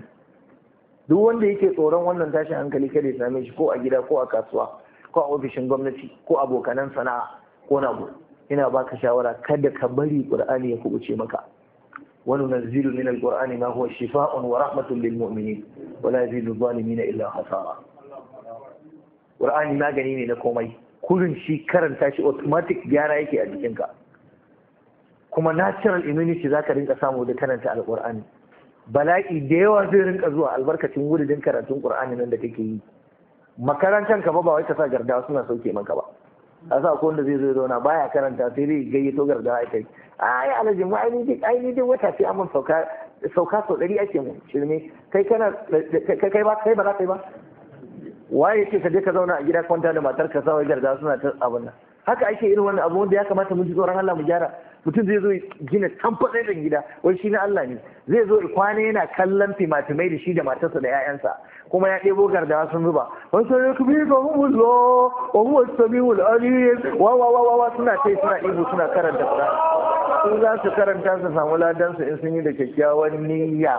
duk wanda yake tsoron wannan tashin hankali kada ya same shi ko a gida ko a kasuwa ko a ofishin gwamnati ko abokanan sana'a ko na ina baka shawara kada ka bari qur'ani ya kubuce maka Wani nunzilu min alqur'ani ma huwa shifa'un wa rahmatun lil mu'minin wa la yazidu zalimin illa khasara qur'ani magani ne na komai kurin shi karanta shi automatic gyara yake a jikinka kuma natural immunity zaka rinka samu da karanta alqur'ani bala'i da yawa zai rinka zuwa albarkacin wuridin karatun qur'ani nan da kake yi makarantar ka ba ba wai ka sa gardawa suna sauke maka ba a sa ko wanda zai zo zauna baya karanta sai zai gayyato gargawa ita ai alhaji mu ai ni ai ni wata sai amun sauka sauka sau ɗari ake mu shirme kai kana kai ba kai ba za ka yi ba waye ce ka je ka zauna a gida kwanta da matar ka sawai suna ta abin nan haka ake irin wannan abu wanda ya kamata mun ji tsoron Allah mu gyara mutum zai zo gina tamfatsaitin gida wai shi na Allah ne zai zo kwana yana kallon fimatimai da shi da matarsa da 'ya'yansa kuma ya ɗebo gardawa sun zuba wani sun rika biyu ga humullo wa huwa sami al-alim wa wa wa wa suna kai suna ihu suna karanta Qur'ani su za su karanta su samu ladansu in sun yi da kyakkyawan niyya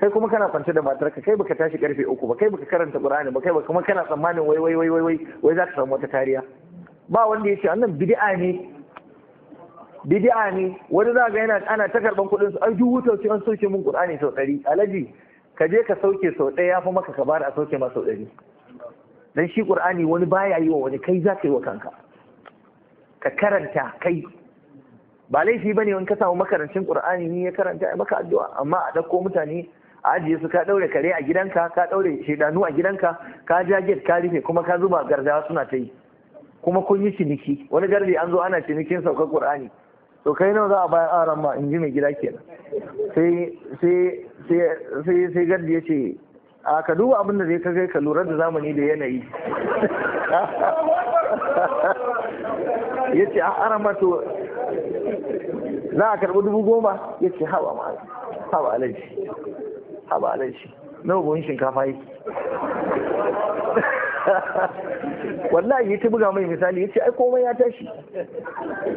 kai kuma kana kwance da matarka kai baka tashi karfe uku ba kai baka karanta Qur'ani ba kai ba kuma kana tsammanin wai wai wai wai wai za ka samu wata kariya ba wanda ya ce annan bid'a ne bid'a ne wani za ga yana ana ta karban kuɗin su ai dubu sauki an sauke mun qur'ani sau ɗari alaji ka je ka sauke sau ɗaya yafi maka ka bari a sauke ma sau ɗari dan shi qur'ani wani baya yi wa wani kai za ka yi wa kanka ka karanta kai ba laifi bane wani ka samu makarancin qur'ani ne ya karanta ya maka addu'a amma a dauko mutane a ajiye su ka ɗaure kare a gidanka ka daure shedanu a gidanka ka ja gate ka rufe kuma ka zuba garzawa suna ta yi kuma kun yi ciniki wani garbi an zo ana cinikin saukar qur'ani to kai nawa za a bayar aran ma in ji mai gida kenan sai sai sai sai gaddi ya ce a ka duba abin da zai ka kai ka lura da zamani da yanayi [laughs] ya ce a arama to za a karɓi dubu goma ya ce haɓa ma haɓa alaji haɓa alaji nawa buhun shinkafa yake [laughs] wallahi ya ta buga mai misali ya ce ai komai ya tashi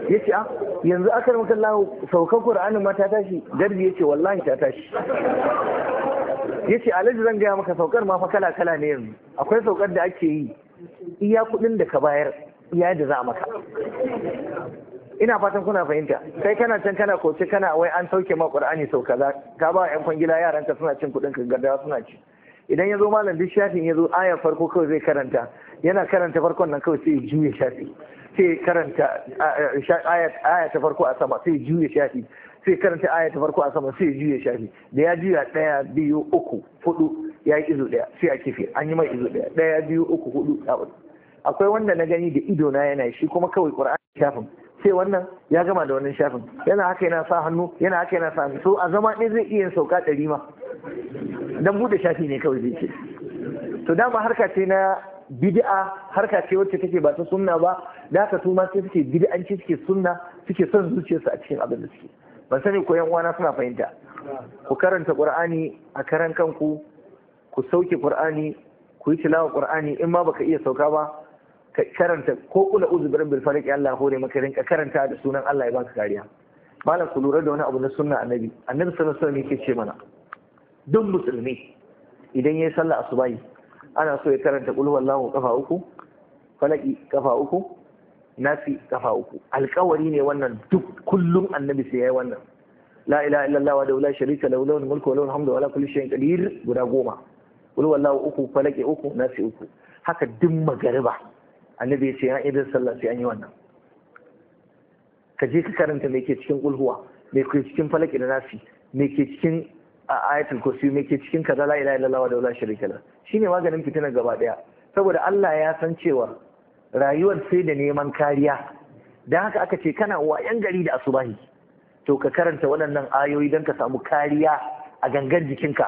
ya ce ah, yanzu aka rama kallahu saukar ƙur'anin ma ta tashi garbi ya ce wallahi ta tashi ya ce alhaji zan gaya maka saukar ma fa kala kala ne yanzu akwai saukar da ake yi iya kudin da ka bayar iya da za maka ina fatan kuna fahimta kai kana can kana koce kana wai an sauke ma qur'ani sau kaza ka ba yan kwangila yaran ka suna cin kudin ka gada suna ci idan ya zo malam duk shafin ya zo aya farko kawai zai karanta yana karanta farkon nan kawai sai ya juya shafi sai karanta aya ta farko a sama sai ya juya shafi sai karanta aya ta farko a sama sai ya juya shafi da ya juya ɗaya biyu uku hudu ya yi izo ɗaya sai a kife an yi mai izo ɗaya ɗaya biyu uku hudu akwai wanda na gani da ido na yana shi kuma kawai ƙur'ani shafin sai wannan ya gama da wannan shafin yana haka yana sa hannu yana haka yana sa hannu so a zama ɗin zai iya sauka ɗari ma don bude shafi ne kawai zai ce to dama harka ce na bid'a harka ce wacce take ba ta sunna ba da haka su ma sai suke bid'anci suke sunna suke son zuciyarsu a cikin abin da suke ban sani ko yan uwana suna fahimta ku karanta qur'ani a karan kanku ku sauke qur'ani ku yi tilawa qur'ani in ma baka iya sauka ba ka karanta ko kula uzu bi rabbil falaq Allah ne maka rinka karanta da sunan Allah ya baka kariya malam ku lura da wani abu na sunna annabi annabi sallallahu alaihi wasallam yake ce mana duk musulmi idan yayi sallah asubahi ana so ya karanta qul huwallahu kafa uku falaki kafa uku nafi kafa uku alkawari ne wannan duk kullum annabi sai yayi wannan la ilaha illallah wa la sharika lahu lahu mulku wa lahu alhamdu wa la kulli shay'in qadir guda goma qul huwallahu uku falaki uku nafi uku haka duk magariba annabi ya ce ya idan sallah sai an yi wannan ka je ka karanta me ke cikin kulhuwa me ke cikin falak da nasi me ke cikin ayatul kursi me ke cikin kaza la ilaha illallah wa la sharika la shine maganin fitinar gaba daya saboda Allah ya san cewa rayuwar sai da neman kariya dan haka aka ce kana 'yan gari da asubahi to ka karanta waɗannan ayoyi don ka samu kariya a gangan jikinka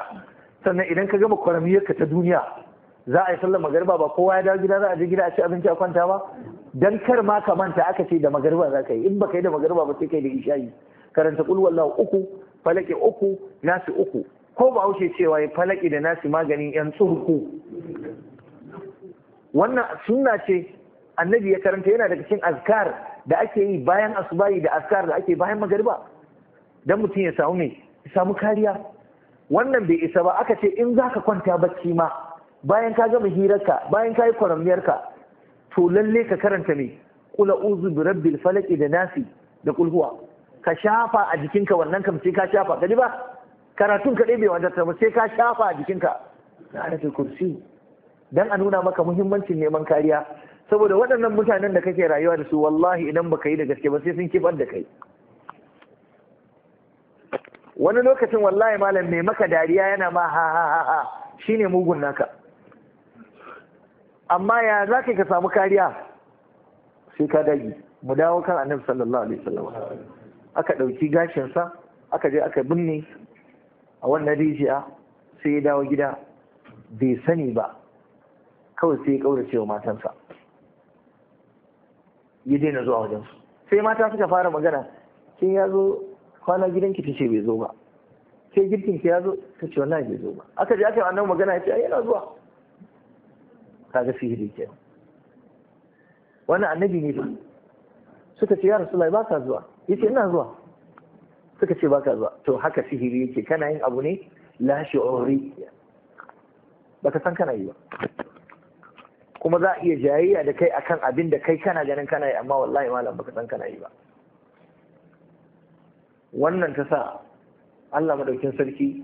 sannan idan ka gama kwaramiyarka ta duniya za a yi sallar magariba ba kowa ya dawo gida za a je gida a ci abinci a kwanta ba dan kar ma ka manta aka ce da magariba za ka yi in baka yi da magariba ba sai kai da isha'i karanta kul wallahu uku falaki uku nasi uku ko ba wuce cewa ya falaki da nasi magani yan tsurku wannan sunna ce annabi ya karanta yana daga cikin azkar da ake yi bayan asubahi da azkar da ake bayan magariba dan mutum ya samu me ya samu kariya wannan bai isa ba aka ce in za ka kwanta bacci ma bayan ka gama hirarka bayan ka yi kwaramiyarka to lalle ka karanta me kula uzu bi rabbil falaki da nasi da kulhuwa ka shafa a jikinka wannan kam sai ka shafa gani ba karatun kaɗai bai wadatar ba sai ka shafa a jikinka na ayatu kursi dan a nuna maka muhimmancin neman kariya saboda waɗannan mutanen da kake rayuwa da su wallahi idan baka yi da gaske ba sai sun kifar da kai wani lokacin wallahi malam mai maka dariya yana ma ha ha ha shine mugun naka amma ya za ka ka samu kariya sai ka dage mu dawo kan annabi sallallahu alaihi wasallam aka ɗauki gashinsa aka je aka binne a wannan rijiya sai ya dawo gida bai sani ba kawai sai ya kaurace wa matansa ya daina zuwa wajen su. sai mata suka fara magana kin ya zo kwana gidanki ta ce bai zo ba sai girkin ki ya zo ta ce wallahi bai zo ba aka je aka yi annan magana ya ce ai yana zuwa kaga sihiri ke wani annabi ne ba suka ce ya lai ba ka zuwa ce ina zuwa suka ce ba ka zuwa to haka sihiri yake kana yin abu ne ori ba baka san kana yi ba kuma za a iya jayayya da kai akan abin da kai kana ganin kana yi amma wallahi malam baka san kana yi ba wannan ta sa Allah madaukin sarki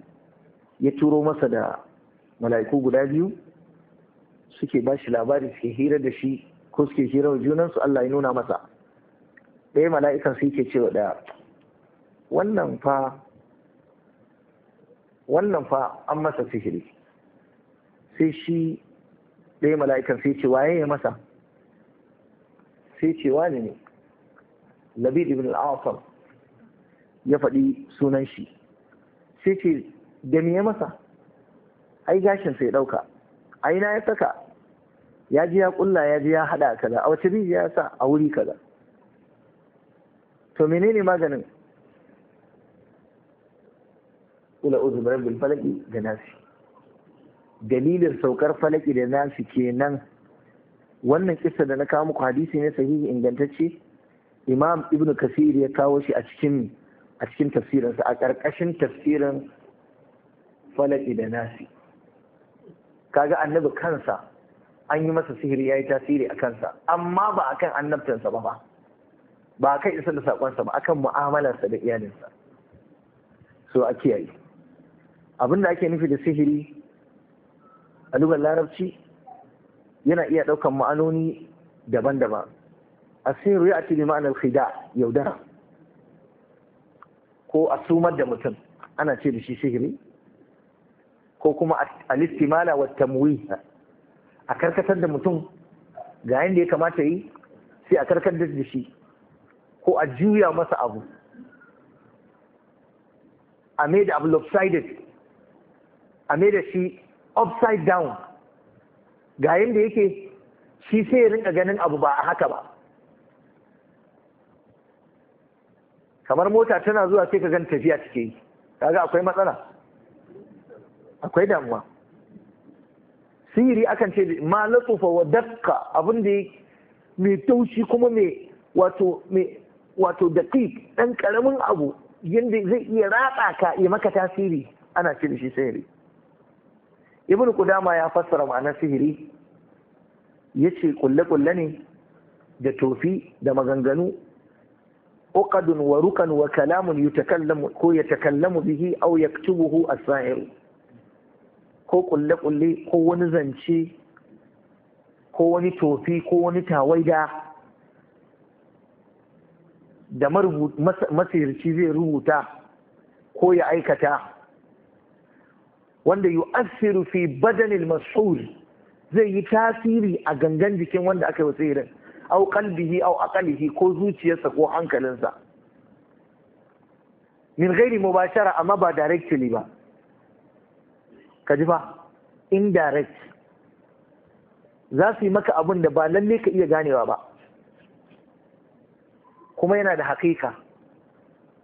ya turo masa da mala'iku guda biyu suke ba shi labari suke hira da shi ko suke hira wa junansu Allah ya nuna masa ɗaya mala'ikan su yake cewa ɗaya wannan fa wannan fa an masa sihiri sai shi ɗaya mala'ikan sai ce waye ya masa sai ce wani ne labid ibn al ya faɗi sunan shi sai ce da me ya masa ai gashin sai ɗauka ai na ya saka ya ji ya kulla ya ji ya hada kaza a wace rijiya ya sa a wuri kaza to menene maganin ila uzu bil falaki da nasi dalilin saukar falaki da nasi kenan wannan kissa da na kawo muku hadisi ne sahihi ingantacce imam ibnu kasir ya kawo shi a cikin a cikin tafsirinsa a ƙarƙashin tafsirin falaki da nasi kaga annabi kansa an yi masa sihiri ya yi tasiri a kansa amma ba a kan annabtansa ba ba ba a kai isa da saƙonsa ba a kan mu'amalarsa da iyalinsa so a kiyaye abin da ake nufi da sihiri a lugar larabci yana iya ɗaukar ma'anoni daban-daban a asiru ya bi ma'anar khida yaudara ko a sumar da mutum ana ce da shi sihiri ko kuma al-istimala wa tamwiha a karkatar da mutum ga yadda ya kamata yi sai a karkatar da shi ko a juya masa abu a mai da abu lopsided a mai da shi upside down ga yadda yake shi sai ya rinka ganin abu ba a haka ba kamar mota tana zuwa sai ka gan tafiya take yi kaga akwai matsala akwai damuwa sihiri akan ce ma latsufa wa dakka abin da mai taushi kuma mai wato mai wato ɗan ƙaramin abu yadda zai iya ratsa ka ya maka tasiri ana ce da shi sihiri ibn kudama ya fassara ma'anar sihiri ya ce kulle-kulle ne da tofi da maganganu uqadun wa rukan wa kalamun yutakallamu ko yatakallamu bihi aw yaktubuhu as-sa'iru ko kulle-kulle ko wani zance ko wani tofi ko wani tawaida da masirci zai rubuta ko ya aikata wanda yu'assiru fi badanil mas'ul zai yi tasiri a gangan jikin wanda aka yi wasirin au kalbihi au akalihi, ko zuciyarsa ko hankalinsa min gairi mubashara amma ba directly ba ka ji fa indirect za su yi maka abin da ba lalle ka iya ganewa ba kuma yana da hakika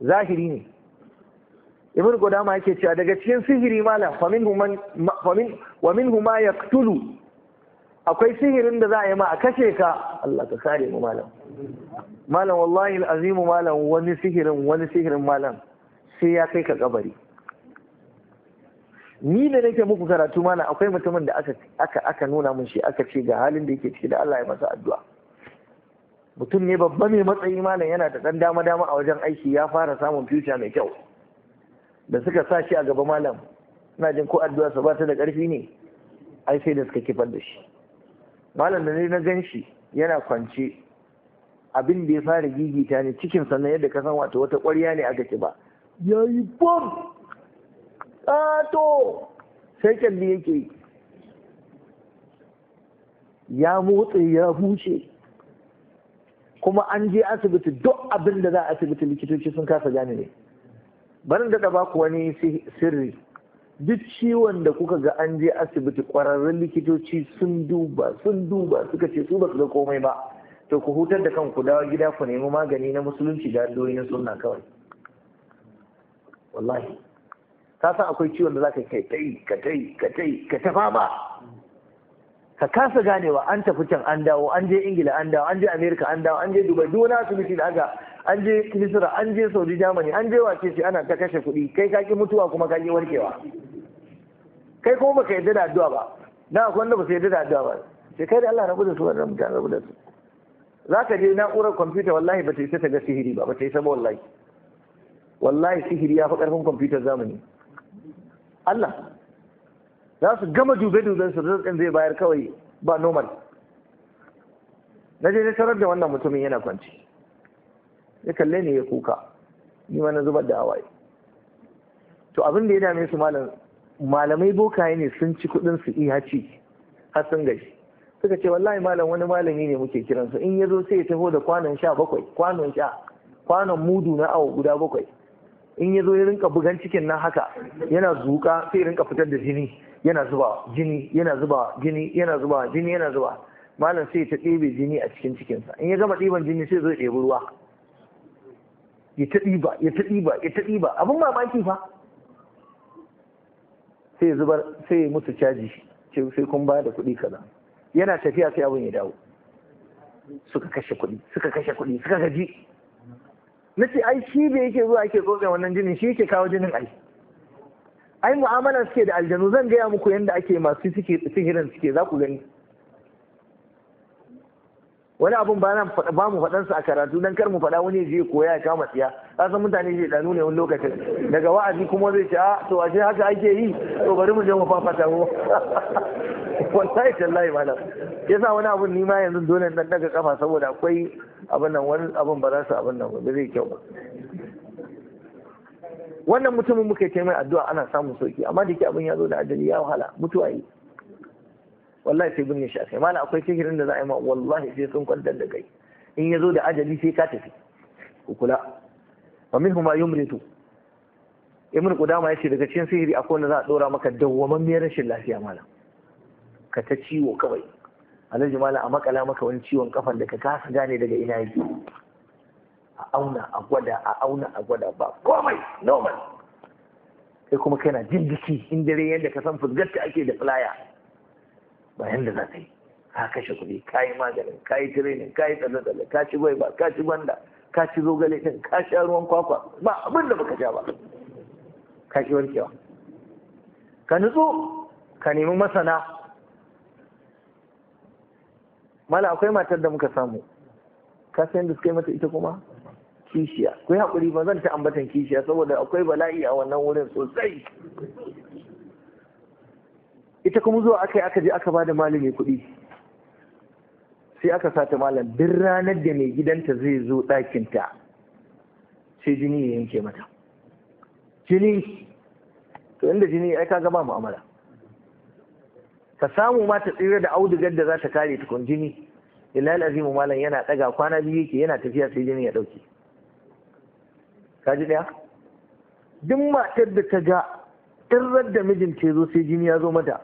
zahiri ne ibn godama yake cewa daga cikin sihiri malam famin huma ya tulu akwai sihirin da za a yi ma a kashe ka Allah ka kare mu malam malam wallahi azimu malam wani sihirin wani sihirin malam sai ya kai ka kabari ni da nake muku karatu mana akwai mutumin da aka nuna mun shi aka ce ga halin da yake ciki da Allah ya masa addu'a mutum ne babba mai matsayi malam yana da dan dama dama a wajen aiki ya fara samun future mai kyau da suka sa shi a gaba malam ina jin ko addu'a sa ba ta da karfi ne ai sai da suka kifar da shi malam da ne na gan shi yana kwance abin da ya fara gigita ne cikin sannan yadda ka san wato wata ƙwarya ne aka ba yayi bom Kato, sai kyalli yake yi ya motsa ya huce kuma an je asibiti duk abin da za a asibiti likitoci sun kasa gane ne barin da ba ku wani sirri duk ciwon da kuka ga an je asibiti kwararrun likitoci sun duba sun duba suka ce su ba su ga komai ba to ku hutar da kanku dawo gida ku nemi magani na musulunci da na sunna kawai wallahi ka san akwai ciwon da za ka kai tai ka tai ka tai ka ta fama ka kasa ganewa an tafi can an dawo an je ingila an dawo an je amerika an dawo an je dubai duk wani asibiti da aka an je misira an je saudi germany an je wace ce ana ta kashe kuɗi kai ka ki mutuwa kuma ka ki warkewa kai kuma baka yarda da addu'a ba na akwai wanda ba su yarda da addu'a ba sai kai da Allah rabu da su wannan mutane rabu da su Za ka je na'urar kwamfuta wallahi ba ta yi ta ga sihiri ba ba ta yi sama wallahi wallahi sihiri ya fi karfin kwamfutar zamani Allah za su gama dube-duben su rizikin zai bayar kawai ba normal na je na tarar da wannan mutumin yana kwanci ya kalle ne ya kuka ni ma na zubar da hawaye to abin da ya dame su malam malamai bokaye ne sun ci kudin su ihaci har sun gashi suka ce wallahi malam wani malami ne muke kiransu in ya zo sai ya taho da kwanon sha bakwai kwanon sha kwanon mudu na awa guda bakwai in ya zo ya rinka bugan cikin nan haka yana zuka sai rinka fitar da jini yana zuba jini yana zuba jini yana zuba jini yana zuba malam sai ta ɗebe jini a cikin cikinsa in ya gama ɗiban jini sai zo ya ɗebi ruwa ya ta ɗiba ya ta ɗiba ya ta ɗiba abin mamaki fa sai zubar sai ya mutu caji sai kun ba da kuɗi kaza yana tafiya sai abin ya dawo suka kashe kuɗi suka kashe kuɗi suka gaji na ce ai shi da yake zuwa yake tsotse wannan jinin shi yake kawo jinin ai ai mu'amala suke da aljanu zan gaya muku yadda ake masu sihirin suke za ku gani wani abun ba na ba mu faɗan su a karatu dan kar mu faɗa wani je koya ya kama tsiya san mutane je danu ne wani lokacin daga wa'azi kuma zai ce a to ashe haka ake yi to bari mu je mu fafata mu [laughs] wallahi tallahi malam yasa wani abun ni ma yanzu dole dan daga kafa saboda akwai abin nan wani abun ba za su abin nan ba zai kyau ba wannan mutumin muka yi mai addu'a ana samun sauki amma da ke abin ya zo da ajali ya wahala mutuwa yi wallahi sai binne shi a kai mana akwai sihirin da za a yi ma wallahi sai sun kwantar da kai in ya zo da ajali sai ka tafi ku kula wa minhu ma yumritu ibn qudama yace daga cikin sihiri akwai wanda za a dora maka miyar rashin lafiya mana. ka ta ciwo kawai alhaji mala a makala maka wani ciwon kafan da ka kasa gane daga ina yake a auna a gwada a auna a gwada ba komai normal sai kuma kana jin jiki in dare yadda ka san fusgarta ake da playa ba yadda za ka yi ka kashe kuɗi ka yi maganin ka yi tirenin ka yi tsalle-tsalle ka ci gwaiba ka ci gwanda ka ci zogale ɗin ka sha ruwan kwakwa ba abin da baka sha ba ka ci warkewa ka nutsu ka nemi masana mala akwai matar da muka samu ka san da suka yi mata ita kuma kishiya ku yi haƙuri ba zan ta ambatan kishiya saboda akwai bala'i a wannan wurin sosai ita kuma zuwa aka yi aka je aka bada malami kuɗi sai aka sata malam duk ranar da mai gidanta zai zo ɗakinta sai jini ya yanke mata jini to inda jini ai ka gama mu'amala ka samu ma ta tsira da audugar da za ta kare tukun jini illa azimu malam yana ɗaga kwana biyu yake yana tafiya sai jini ya ɗauke ka ji ɗaya duk matar da ta ga tarrar da mijinta ya zo sai jini ya zo mata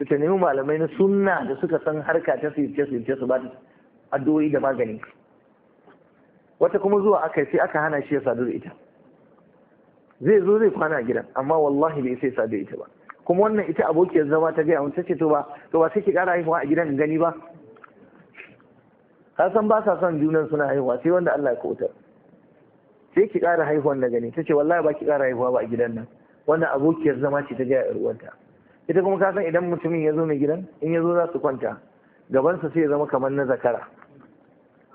su ta nemi malamai na sunna da suka san harka ta sirce sirce su ba addu'o'i da magani wata kuma zuwa aka sai aka hana shi ya sadu da ita zai zo zai kwana a gidan amma wallahi bai sai sadu da ita ba kuma wannan ita abokiyar zama ta gaya wata ce to ba to ba sai ki kara haihuwa a gidan gani ba ka san ba sa son junan suna haihuwa sai wanda Allah ya kautar sai ki kara haihuwan na gani ta ce wallahi ba ki kara haihuwa ba a gidan nan wannan abokiyar zama ce ta gaya yar uwanta ita kuma kasan idan mutumin ya zo mai gidan in ya zo za su kwanta gabansa sai ya zama kamar na zakara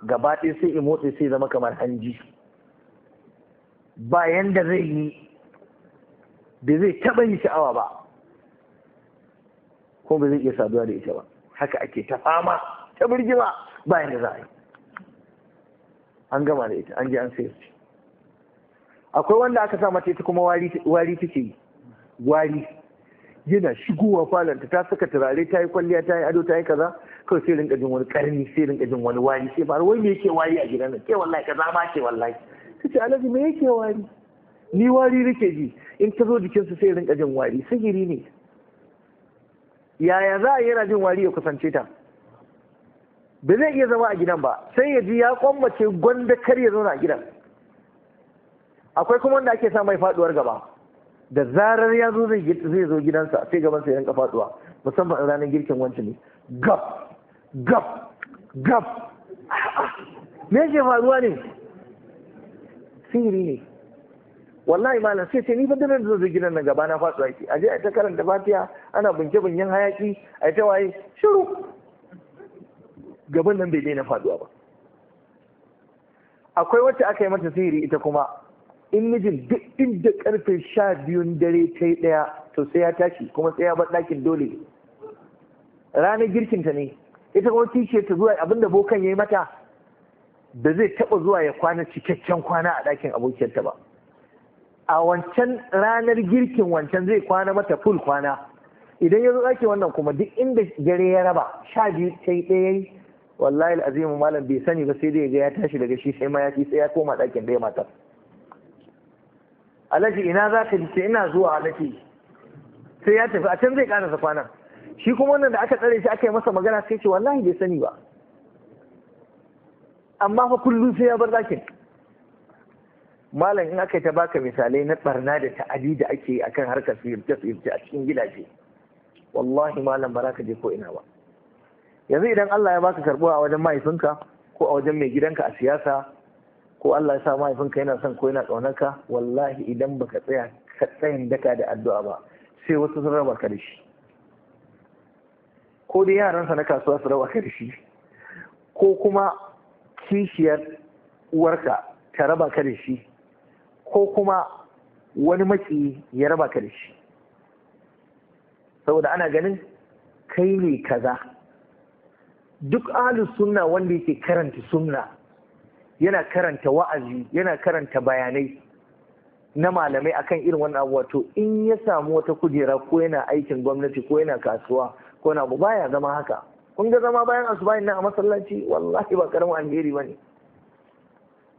gaba ɗaya sai ya motsa sai ya zama kamar hanji ba yanda zai yi bai zai taɓa yi sha'awa ba kuma bai zai iya saduwa da ita ba haka ake ta fama ta birgima ba yanda za a yi an gama da ita an je an sayar akwai wanda aka sa mata ita kuma wari take yi wari yana shigowa falanta ta saka turare ta yi kwalliya ta yi ado ta yi kaza kawai sai rinka jin wani karni sai rinka jin wani wari sai fara wai me yake wari a gidan nan ke wallahi kaza ma ke wallahi ta ce alhaji me yake wari ni wari nake ji in ta zo jikinsu sai rinka jin wari sihiri ne yaya za a yi yana jin wari ya kusance ta ba zai iya zama a gidan ba sai ya ji ya kwammace gwanda kar ya zauna a gidan akwai kuma wanda ake sa mai faduwar gaba da zarar ya zo zai zo gidansa sai gaban sa ya rinka faduwa musamman ranar girkin wancan ne gab gab gab me yake faruwa ne sihiri ne wallahi malam sai sai ni ba da zo gidan nan gaba na faduwa yake aje a ta karanta fatiha ana bunke bunyen hayaki a ta waye shiru gaban nan bai daina faduwa ba akwai wacce aka yi mata sihiri ita kuma in mijin duk inda karfe sha biyun dare ta yi ɗaya to sai ya tashi kuma sai ya bar ɗakin dole ranar girkinta ne ita kuma kishe ta zuwa abinda bokan ya yi mata da zai taɓa zuwa ya kwana cikakken kwana a ɗakin abokiyarta ba a wancan ranar girkin wancan zai kwana mata ful kwana idan ya zo ɗakin wannan kuma duk inda dare ya raba sha biyu ta yi ɗaya wallahi al'azimu malam bai sani ba sai dai ya ya tashi daga shi sai ma ya sai ya koma ɗakin ɗaya matar alaji ina za ka ce ina zuwa alaji sai ya tafi a can zai karasa kwana shi kuma wannan da aka tsare shi aka yi masa magana sai ce wallahi bai sani ba amma fa kullum sai ya bar zakin malam in aka ta baka misalai na barna da ta'adi da ake yi akan harkar firce firce a cikin gidaje wallahi malam ba za ka je ko ina ba yanzu idan Allah ya baka karbuwa a wajen mahaifinka ko a wajen mai gidanka a siyasa ko Allah ya sa mahaifinka yana son ko yana ƙaunarka wallahi idan baka tsaya ka tsayin daka da addu'a ba sai wasu sun raba ka da shi ko dai yaransa na kasuwa su raba ka da shi ko kuma kishiyar uwarka ta raba ka da shi ko kuma wani maki ya raba ka da shi saboda ana ganin kai ne kaza duk ahlus sunna wanda yake karanta sunna yana karanta wa'azi yana karanta bayanai na malamai akan irin wannan abu wato in ya samu wata kujera ko yana aikin gwamnati ko yana kasuwa ko na abu baya zama haka kun ga zama bayan asuba nan a masallaci wallahi ba karamin alheri bane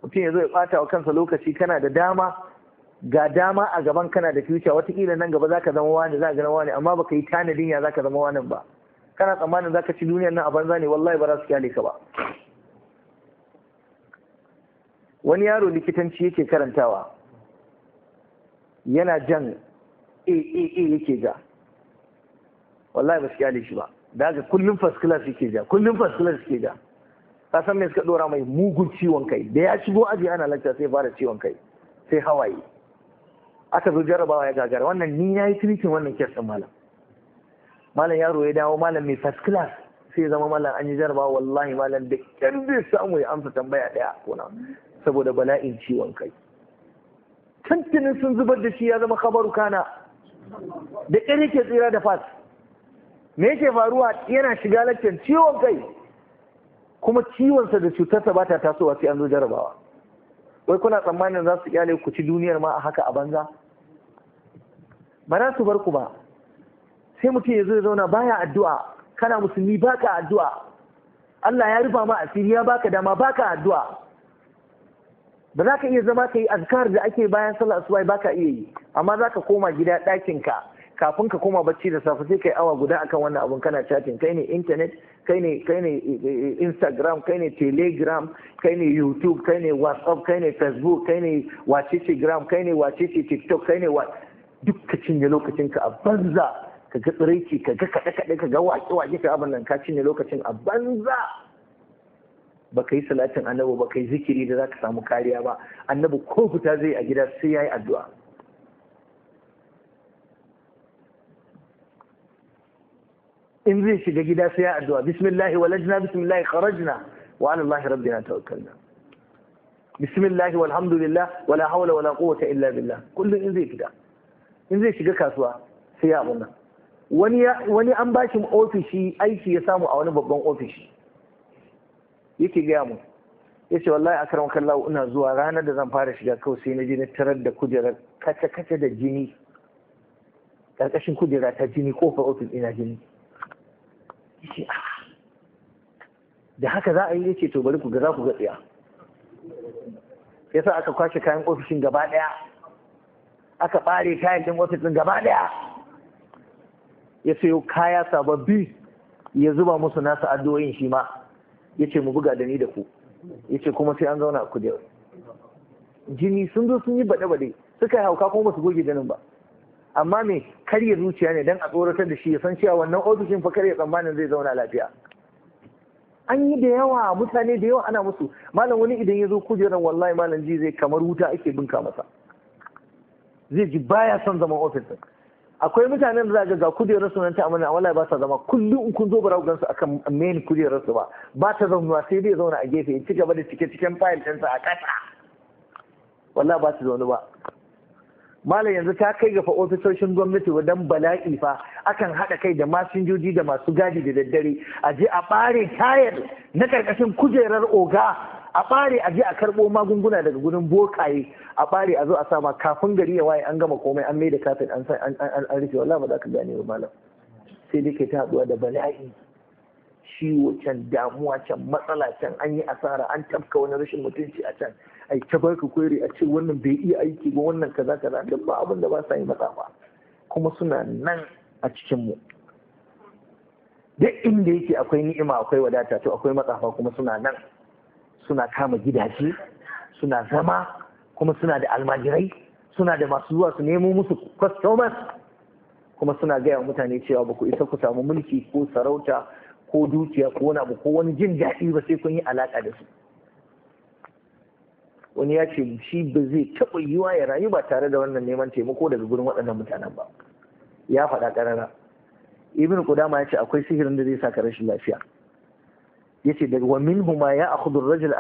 mutum ya zo ya bata wa kansa lokaci kana da dama ga dama a gaban kana da future watakila nan gaba zaka zama wani zaka zama wani amma baka yi tanadin ya zaka zama wani ba kana tsammanin zaka ci duniyar nan a banza ne wallahi ba za su kyale ka ba wani yaro likitanci yake karantawa yana jan aaa yake ja wallahi ba su kyale shi ba da haka kullum first class yake ja kullum first class yake ja ka san me suka dora mai mugun ciwon kai da ya shigo aji ana lanta sai fara ciwon kai sai hawaye aka zo jarabawa ya gagara wannan ni ya yi tirikin wannan kes malam malam yaro ya dawo malam mai first class sai ya zama malam an yi jarabawa wallahi malam da kyan zai samu ya amsa tambaya daya ko na saboda bala'in ciwon kai tantinin sun zubar da shi ya zama kabaru kana da iri yake tsira da fas me yake faruwa yana shiga lakcin ciwon kai kuma ciwonsa da cutarsa ba ta tasowa sai an zo jarabawa wai kuna tsammanin za su kyale ku ci duniyar ma a haka a banza ba za su bar ku ba sai mutum ya zo ya zauna baya addu'a kana musulmi baka addu'a Allah ya rufa ma asiri ya baka dama baka addu'a ba za ka iya zama ka yi azkar da ake bayan sallar asuba ba ka iya yi amma za ka koma gida ɗakin ka kafin ka koma bacci da safe sai kai awa guda akan wannan abun kana chatting kai ne internet kai ne kai ne eh, instagram kai ne telegram kai ne youtube kai ne whatsapp kai ne facebook kai ne wacece gram kai ne wacece tiktok kai ne duk ka cinye lokacin ka a banza ka ga tsiraici ka ga kaɗe kaɗe ka ga waƙe waƙe ka abin nan ka cinye lokacin a banza baka yi salatin annabi baka yi zikiri da zaka samu kariya ba annabi ko fita zai a gida sai yayi addu'a in zai shiga gida sai ya addu'a bismillahi walajna bismillahi kharajna wa ala allahi rabbina tawakkalna bismillahi walhamdulillah wala hawla wala quwwata illa billah kullum in zai fita in zai shiga kasuwa sai ya abunna wani wani an bashi ofishi aiki ya samu a wani babban ofishi yake gaya mu ya ce wallahi akaram kallahu ina zuwa ranar da zan fara shiga kawai sai na ji na tarar da kujerar kace kace da jini karkashin kujera ta jini kofar ofis ina jini ah, da haka za a yi yace to bari ku ga za ku ga tsiya yasa aka kwashe kayan ofishin gaba daya aka bare kayan din ofis din gaba daya ya sayo kaya sababbi ya zuba musu nasa addu'o'in shi ma Ya ce mu buga da ni da ku Ya ce kuma sai an zauna a da jini sun zo sun yi bade bade suka yi hauka kuma basu goge ganin ba amma me karya zuciya ne dan a tsoratar da shi ya san cewa wannan ofishin fa karya tsammanin zai zauna lafiya an yi da yawa mutane da yawa ana musu malam wani idan ya zo kujerar wallahi malam ji zai kamar wuta ake binka masa zai ji baya son zaman ofis akwai mutanen da za ga kujerar su nan ta amana wallahi ba sa zama kullum in kun zo bara gan su akan main kujerar su ba ba ta zaunuwa sai dai zauna a gefe in ci gaba da cike fayil file ɗinsa a ƙasa wallahi ba su zaune ba malam yanzu ta kai ga ofisoshin gwamnati wadan bala'i fa akan haɗa kai da masinjoji da masu gadi da daddare a je a ɓare tayar na ƙarƙashin kujerar oga a ɓare a je a karɓo magunguna daga wurin bokaye a ɓare a zo a sama kafin gari ya waye an gama komai an mai da kafin an san an rufe wallahi ba za ka gane ba malam sai dai ta haɗuwa da bala'i ciwo can damuwa can matsala can an yi asara an tafka wani rashin mutunci a can ai ta baka kwere a ce wannan bai iya aiki ba wannan kaza kaza duk ba abin da ba sa yi masa ba kuma suna nan a cikin mu duk inda yake akwai ni'ima akwai wadata to akwai matsafa kuma suna nan suna kama gidaje suna zama kuma suna da almajirai suna da masu zuwa su nemo musu customers kuma suna gaya mutane cewa ba ku isa ku samu mulki ko sarauta ko dukiya ko wani abu ko wani jin daɗi ba sai kun yi alaƙa da su wani ya ce shi ba zai taɓa yiwa ya rayu ba tare da wannan neman taimako daga gurin waɗannan mutanen ba ya faɗa ƙarara ibn kudama ya ce akwai sihirin da zai saka rashin lafiya ya ce daga wa min huma ya akhudhu ar-rajul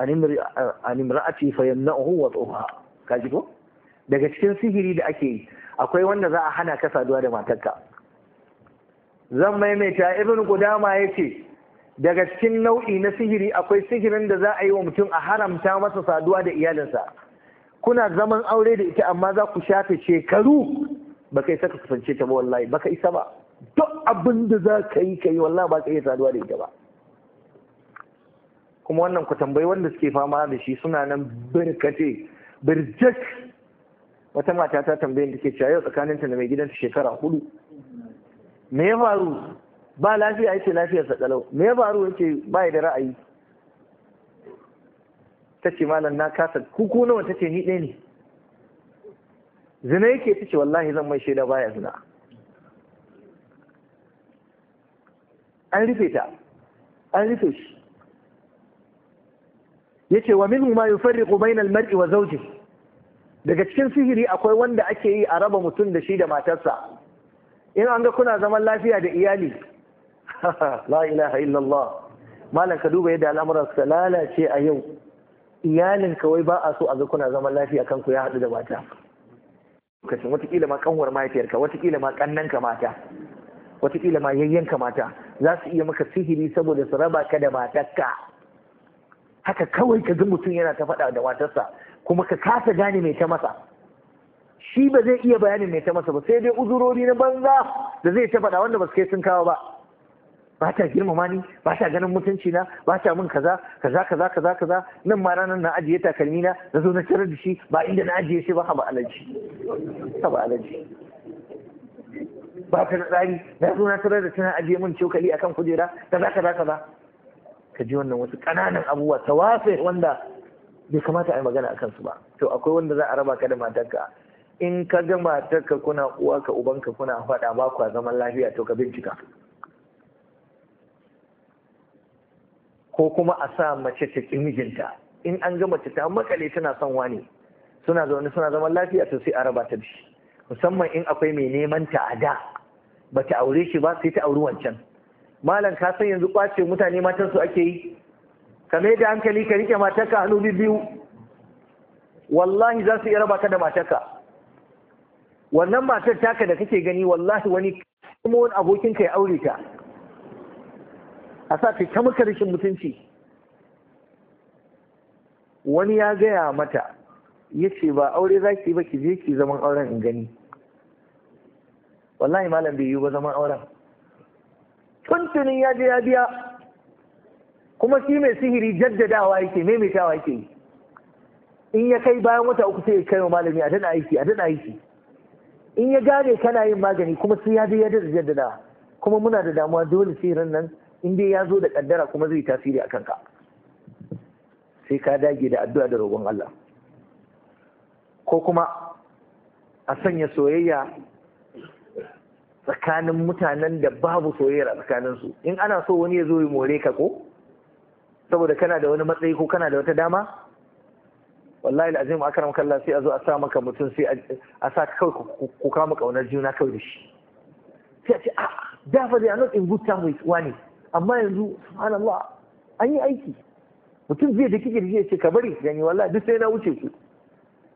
an imra'ati fa yamna'uhu wa kaji ko daga cikin sihiri da ake yi akwai wanda za a hana ka saduwa da matarka zan maimaita ibn kudama ya ce daga cikin nau'i na sihiri akwai sihirin da za a yi wa mutum a haramta masa saduwa da iyalinsa kuna zaman aure da ita amma za ku shafe shekaru ka isa ka kusance ta ba wallahi ka isa ba duk abin da za ka yi ka yi wallahi ba ka iya saduwa da ita ba kuma wannan ku tambayi wanda suke fama da shi suna nan birkace birjik wata mata ta tambayin da ke cewa yau tsakaninta da mai gidanta shekara hudu me ya faru ba lafiya yace lafiyarsa kalau me ya faru yake ba da ra'ayi Ta ce malam na kasa kuku nawa ce ni ɗaya ne zina yake fice, wallahi zan mai shaida baya zina an rufe ta an rufe shi yace wa minhu ma yufarriqu bayna al-mar'i wa zawjihi daga cikin sihiri akwai wanda ake yi a raba mutum da shi da matarsa in an ga kuna zaman lafiya da iyali [laughs] la ilaha illallah malam ka duba yadda al'amuran suka lalace a yau iyalin kawai ba a so a ga kuna zaman lafiya kanku ya haɗu da mata lokacin watakila ma kanwar mahaifiyarka watakila ma kannanka mata watakila ma yayyanka mata za su iya maka sihiri saboda su raba ka da matarka haka kawai ka ji mutum yana ta faɗa da matarsa kuma ka kasa gane mai ta masa shi ba zai iya bayanin mai ta masa ba sai dai uzurori na banza da zai ta faɗa wanda ba su kai sun kawo ba ba ta girmama ni ba ta ganin mutunci na ba ta min kaza kaza kaza kaza kaza nan ma ranar na ajiye takalmi na na zo na tarar da shi ba inda na ajiye shi ba ha ba alaji ha ba alaji ba ta na tsari na zo na tarar da tana ajiye min cokali akan kujera kaza kaza kaza ka ji wannan wasu ƙananan abubuwa tawafe wanda bai kamata a yi magana akan su ba to akwai wanda za a raba ka da matarka in ka ga matarka kuna uwa ka ubanka kuna faɗa ba kwa zaman lafiya to ka bincika ko kuma a sa mace ta ƙi mijinta in an ga mace ta makale tana son wani suna zaune suna zaman lafiya to sai a raba ta shi musamman in akwai mai neman ta a da Ba ta aure shi ba sai ta auri wancan malam ka san yanzu kwace mutane matan su ake yi ka mai da hankali ka rike matarka hannu biyu wallahi za su iya raba ka da matarka wannan matar taka da kake gani wallahi wani kuma wani abokin ka ya aure ta a sa ta ta maka rashin mutunci wani ya gaya mata ya ce ba aure za ki ba ki je ki zaman auren in gani wallahi malam bai yi ba zaman auren tuntunin ya je ya biya kuma shi mai sihiri jaddadawa yake maimaitawa yake yi in ya kai bayan wata uku sai ya kai wa malami a dana aiki a dana aiki in ya gane kana yin magani kuma sai ya je ya jaddadawa kuma muna da damuwa dole sihirin nan in dai ya zo da kaddara kuma zai tasiri a kanka sai ka dage da addu'a da rogon Allah ko kuma a sanya soyayya tsakanin mutanen da babu soyayya tsakanin su in ana so wani ya zo ya more ka ko saboda kana da wani matsayi ko kana da wata dama wallahi alazim akram kallah sai a zo a sa maka mutum sai a sa kawai ku kama kaunar juna kawai da shi sai a ce ah dafa zai a not in good time with wani amma yanzu subhanallah an yi aiki mutum zai da kike da ce ka bari gani wallahi duk sai na wuce ku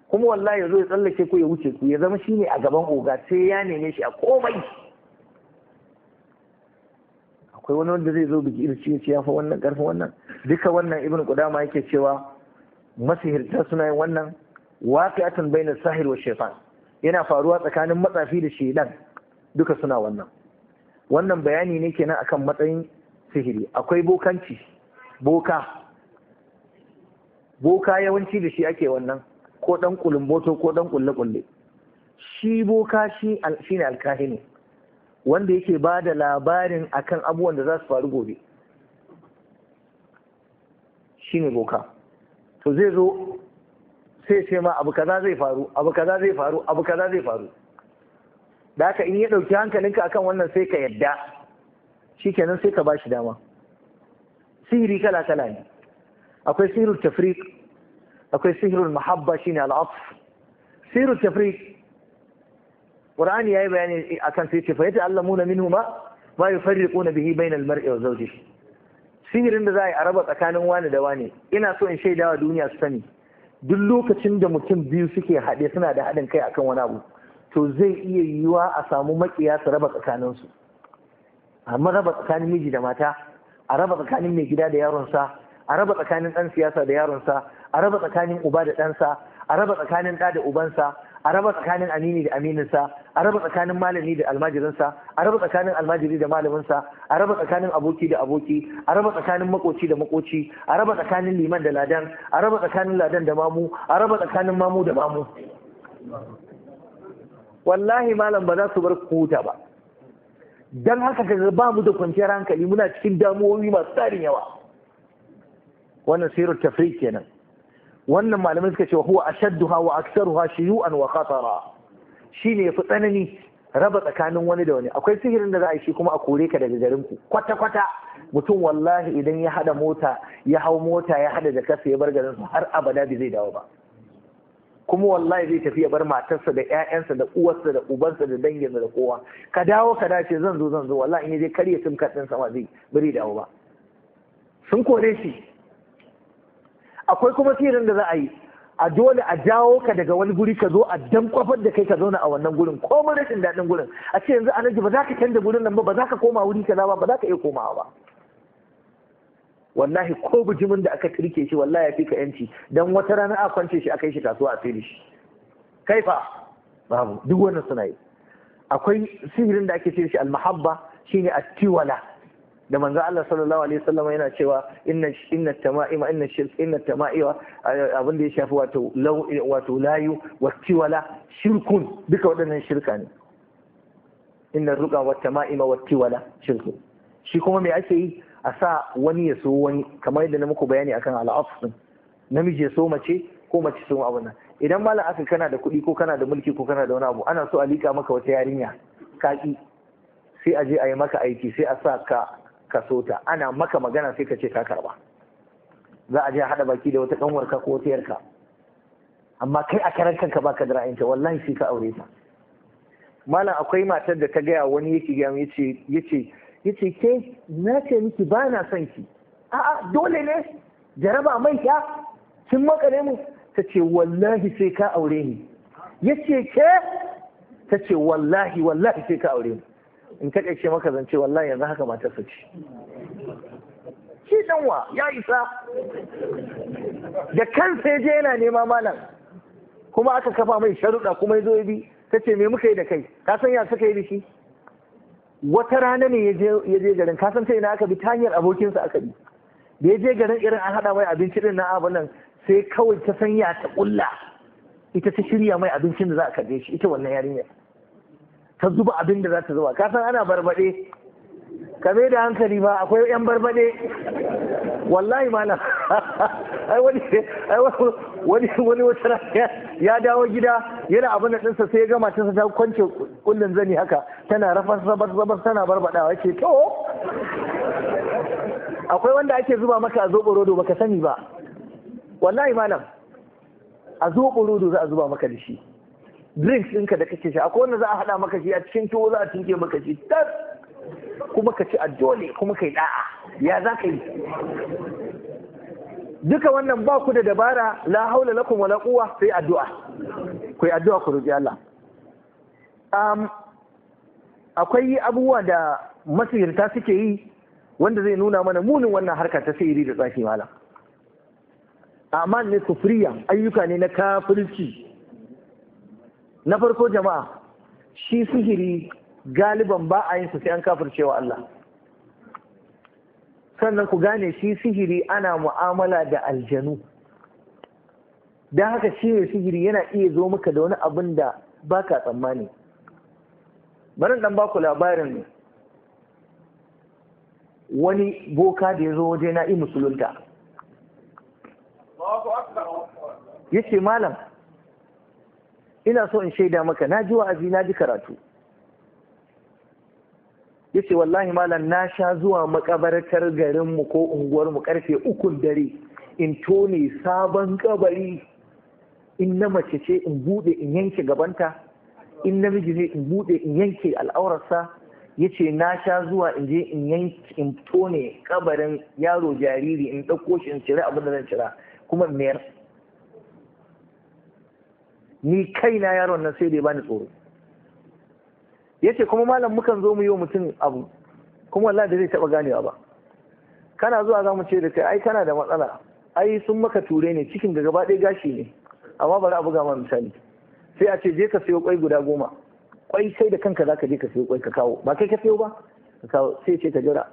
kuma wallahi yazo ya tsallake ku ya wuce ku ya zama shine a gaban oga sai ya neme shi a komai akwai wani wanda zai zo biki irin cikin ya fa wannan karfin wannan duka wannan ibn qudama yake cewa masihirta suna yin wannan waqi'atan bainas sahir wa shaytan yana faruwa tsakanin matsafi da shaidan duka suna wannan wannan bayani ne kenan akan matsayin sihiri akwai bokanci boka boka yawanci da shi ake wannan ko dan kulumboto ko dan kulle kulle shi boka shi shine alkahini wanda yake ba da labarin akan abubuwan da za su faru gobe shine boka to zai zo sai ce ma abu kaza zai faru abu kaza zai faru abu kaza zai faru da haka in ya dauki hankalinka akan wannan sai ka yadda shikenan sai ka bashi dama sihiri kala kala ne akwai sihirul tafriq akwai sihirul mahabba shine al'af sihirul tafriq qur'ani yayi bayani akan sai ce fa yata'allamuna minhu ma yufarriquna bihi bainal mar'i wa zawjihi sihirin da za a raba tsakanin wani da wani ina so in shaida wa duniya su sani duk lokacin da mutum biyu suke haɗe suna da haɗin kai akan wani abu to zai iya yiwuwa a samu makiya su raba tsakaninsu amma raba tsakanin miji da mata a raba tsakanin mai gida da yaronsa a raba tsakanin ɗan siyasa da yaronsa a raba tsakanin uba da ɗansa a raba tsakanin ɗa da ubansa a raba tsakanin amini da amininsa a raba tsakanin malami da almajirinsa a raba tsakanin almajiri da malaminsa a raba tsakanin aboki da aboki a raba tsakanin makoci da makoci a raba tsakanin liman da ladan a raba tsakanin ladan da mamu a raba tsakanin mamu da mamu wallahi malam ba za su bar ku ba don haka ka ba mu da kwanciyar hankali muna cikin damuwoyi masu tarin yawa wannan sirar tafrik kenan wannan malamai suka ce wa huwa ashadduha wa aktsaruha shuyu'an wa khatara shine yafi tsanani raba tsakanin wani da wani akwai sihirin da za a yi shi kuma a kore ka daga garin ku kwata kwata mutum wallahi idan ya hada mota ya hau mota ya hada kasa ya bar garin har abada bai zai dawo ba kuma wallahi zai tafi ya bar matarsa da ƴaƴansa da uwarsa da ubansa da danginsa da kowa ka dawo ka dace zan zo zan zo wallahi in je karya sim card ɗin sama zai bari dawo ba sun kore shi akwai kuma sirrin da za a yi a dole a jawo ka daga wani guri ka zo a dankwafar da kai ka zauna a wannan gurin ko rashin daɗin gurin a ce yanzu anaji ba za ka canza gurin nan ba ba za ka koma wuri kaza ba ba za ka iya komawa ba wallahi ko bijimin da aka kirke shi wallahi ya fi ka yanci dan wata rana a kwance shi aka yi shi kasuwa a fili shi kaifa babu duk wannan suna yi akwai sihirin da ake ce shi almahabba shine attiwala da manzo Allah sallallahu alaihi wasallam yana cewa inna inna tama'ima inna shirk inna tama'iwa abin da ya shafi wato law wato layu wattiwala shirkun duka waɗannan shirka ne inna ruqa wat tama'ima wattiwala shirkun shi kuma me ake yi a sa wani ya so wani kamar yadda na muku bayani akan al'af din namiji ya so mace ko mace so abu nan idan malam aka kana da kuɗi ko kana da mulki ko kana da wani abu ana so a lika maka wata yarinya kaki sai a je a yi maka aiki sai a sa ka ka ta. ana maka magana sai ka ce ka karba za a je a haɗa baki da wata ka ko wata yarka amma kai a karan kanka baka da ra'ayinta wallahi sai ka aure ta malam akwai matar da ta gaya wani yake gaya yace yace Ya ce ke na ce miki ba na son ki a'a dole ne jaraba mai kya kin makare mu ta ce wallahi sai ka aure ni ce ke ta ce wallahi wallahi sai ka aure ni in ka ce maka zance wallahi yanzu haka mata su ci. ki ya isa da kan sai je yana nema malam kuma aka kafa mai sharuɗa kuma ya zo ya bi ta ce me muka yi da kai ka san ya suka yi da shi wata rana ne ya je garin kasan sai na aka bi ta hanyar abokinsa aka bi da ya je garin irin an haɗa mai abinci din na abin nan sai kawai ta sanya ta kulla ita ta shirya mai abincin da za a kaje shi ita wannan yarinyar ta zuba abin da za ta zuba kasan ana barbaɗe ka mai da hankali ba akwai yan barbade wallahi malam ai wani wani wani wata ya dawo gida yana abin da dinsa sai ya ga matarsa ta kwance kullun zani haka tana rafar zabar zabar tana barbadawa ce to akwai wanda ake zuba maka a zoɓo rodo baka sani ba wallahi malam a zoɓo rodo za a zuba maka da shi drinks ɗinka da kake sha akwai wanda za a haɗa maka shi a cikin tuwo za a tinke maka shi tas kuma ka ci a dole kuma ka yi da'a ya za ka yi duka wannan ba ku da dabara la haula lakum wala quwwa sai addu'a ku yi addu'a ku roki Allah akwai abubuwa da masirta suke yi wanda zai nuna mana munin wannan harka ta sihiri da tsafi malam amma ne kufriya ayyuka ne na kafirci na farko jama'a shi sihiri galiban ba a yin su sai an cewa Allah sannan ku gane shi sihiri ana mu'amala da aljanu don haka shi ne sihiri yana iya zo maka da wani abin da ba ka tsammani bari dan baku labarin wani boka da ya zo waje na yi musulunta ya malam ina so in shaida maka na ji wa'azi na ji karatu Yace ce wallahi malam na sha zuwa makabartar garinmu ko unguwarmu karfe ukun dare in tone sabon kabari in na mace ce in bude in yanke gabanta in namiji ne in bude in yanke al'aurarsa ya ce na sha zuwa in je in yanke in tone kabarin yaro jariri in ɗauko shi in cire abin da zan cira kuma in mayar ni kaina yaron nan sai dai bani tsoro Ya ce kuma malam mukan zo mu yi wa mutum abu kuma wallahi da zai taba ganewa ba kana zuwa za mu ce da kai ai kana da matsala ai sun maka ture ne cikin da gaba ɗaya gashi ne amma bari a buga ma misali sai a ce je ka sayo kwai guda goma kwai sai da kanka zaka je ka sayo kwai ka kawo ba kai ka sayo ba ka kawo sai ce ka jira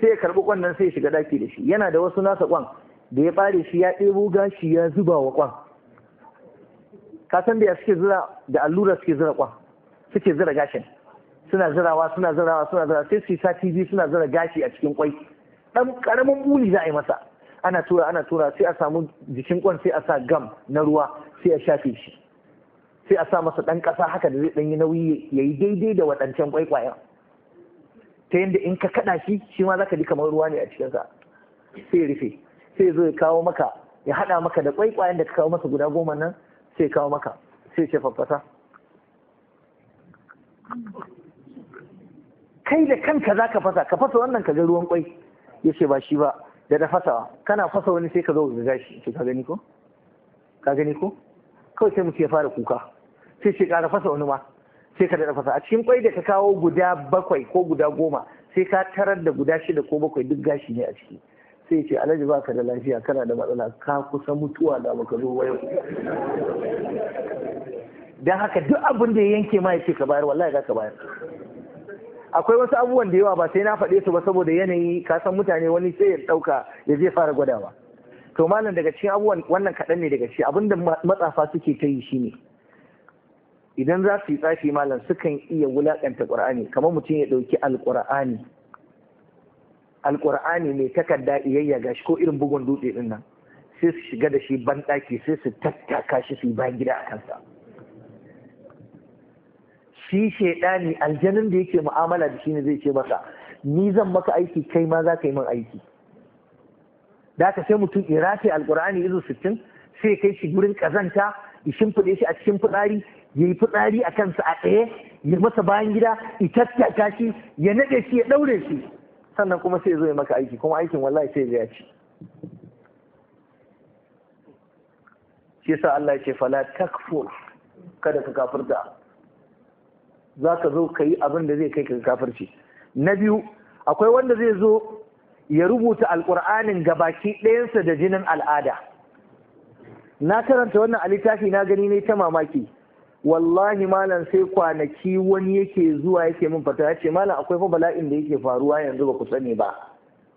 sai ya karbi kwan nan sai ya shiga daki da shi yana da wasu nasa kwan da ya bare shi ya ɗebo gashi ya zuba wa kwan ka san da ya suke zura da allura suke zura kwan suke zira gashin suna zirawa suna zirawa suna zirawa sai su yi sati biyu suna zira gashi a cikin kwai dan karamin buli za a yi masa ana tura ana tura sai a samu jikin kwan sai a sa gam na ruwa sai a shafe shi sai a sa masa dan kasa haka da zai dan yi nauyi ya yi daidai da waɗancan kwayan ta yadda in ka kaɗa shi shi ma zaka ji kamar ruwa ne a cikinsa sai rufe sai zo ya kawo maka ya haɗa maka da kwaikwayen da ka kawo masa guda goma nan sai kawo maka sai ce faffasa kai da kanka za ka fasa ka fasa wannan ka ga ruwan kwai ya ce ba shi ba da da fasawa kana fasa wani sai ka zo ga gashi ce ka gani ko ka gani ko kawai sai mutum ya fara kuka sai ce kara fasa wani ma sai ka da fasa a cikin kwai da ka kawo guda bakwai ko guda goma sai ka tarar da guda shida ko bakwai duk gashi ne a ciki sai ce alhaji ba ka da lafiya kana da matsala ka kusa mutuwa da baka zo wayo yau don haka duk abin da ya yanke ma ya ce ka bayar wallahi za ka bayar akwai wasu abubuwan da yawa ba sai na faɗe su ba saboda yanayi ka san mutane wani sai ya ɗauka ya zai fara gwadawa to malam daga cikin abubuwan wannan kaɗan ne daga shi abin da matsafa suke ta yi shine idan za su yi tsafi malam sukan iya wulaƙanta ƙur'ani kamar mutum ya ɗauki alƙur'ani alƙur'ani mai takarda iyayya gashi ko irin bugun dutse ɗin nan sai su shiga da shi banɗaki sai su tattaka shi su yi bayan gida a kansa shi shaidani aljanin da yake mu'amala da shi ne zai ce maka ni zan maka aiki kai ma za ka yi min aiki da ka sai mutum irafi alkur'ani izu sittin sai kai shi gurin kazanta ya shimfiɗe shi a cikin fitsari ya yi fitsari a kansa a ɗaya, ya masa bayan gida ya tattaka shi ya naɗe shi ya ɗaure shi sannan kuma sai ya zo ya maka aiki kuma aikin wallahi sai ya ci shi yasa Allah ya ce fala takfur kada ka kafirta za ka zo ka yi abin da zai kai ka kafirci na biyu akwai wanda zai zo ya rubuta alƙur'anin baki ɗayansa da jinin al'ada na karanta wannan a littafi na gani ne ta mamaki wallahi malam sai kwanaki wani yake zuwa yake min fata ya ce malam akwai fa bala'in da yake faruwa yanzu ba ku sani ba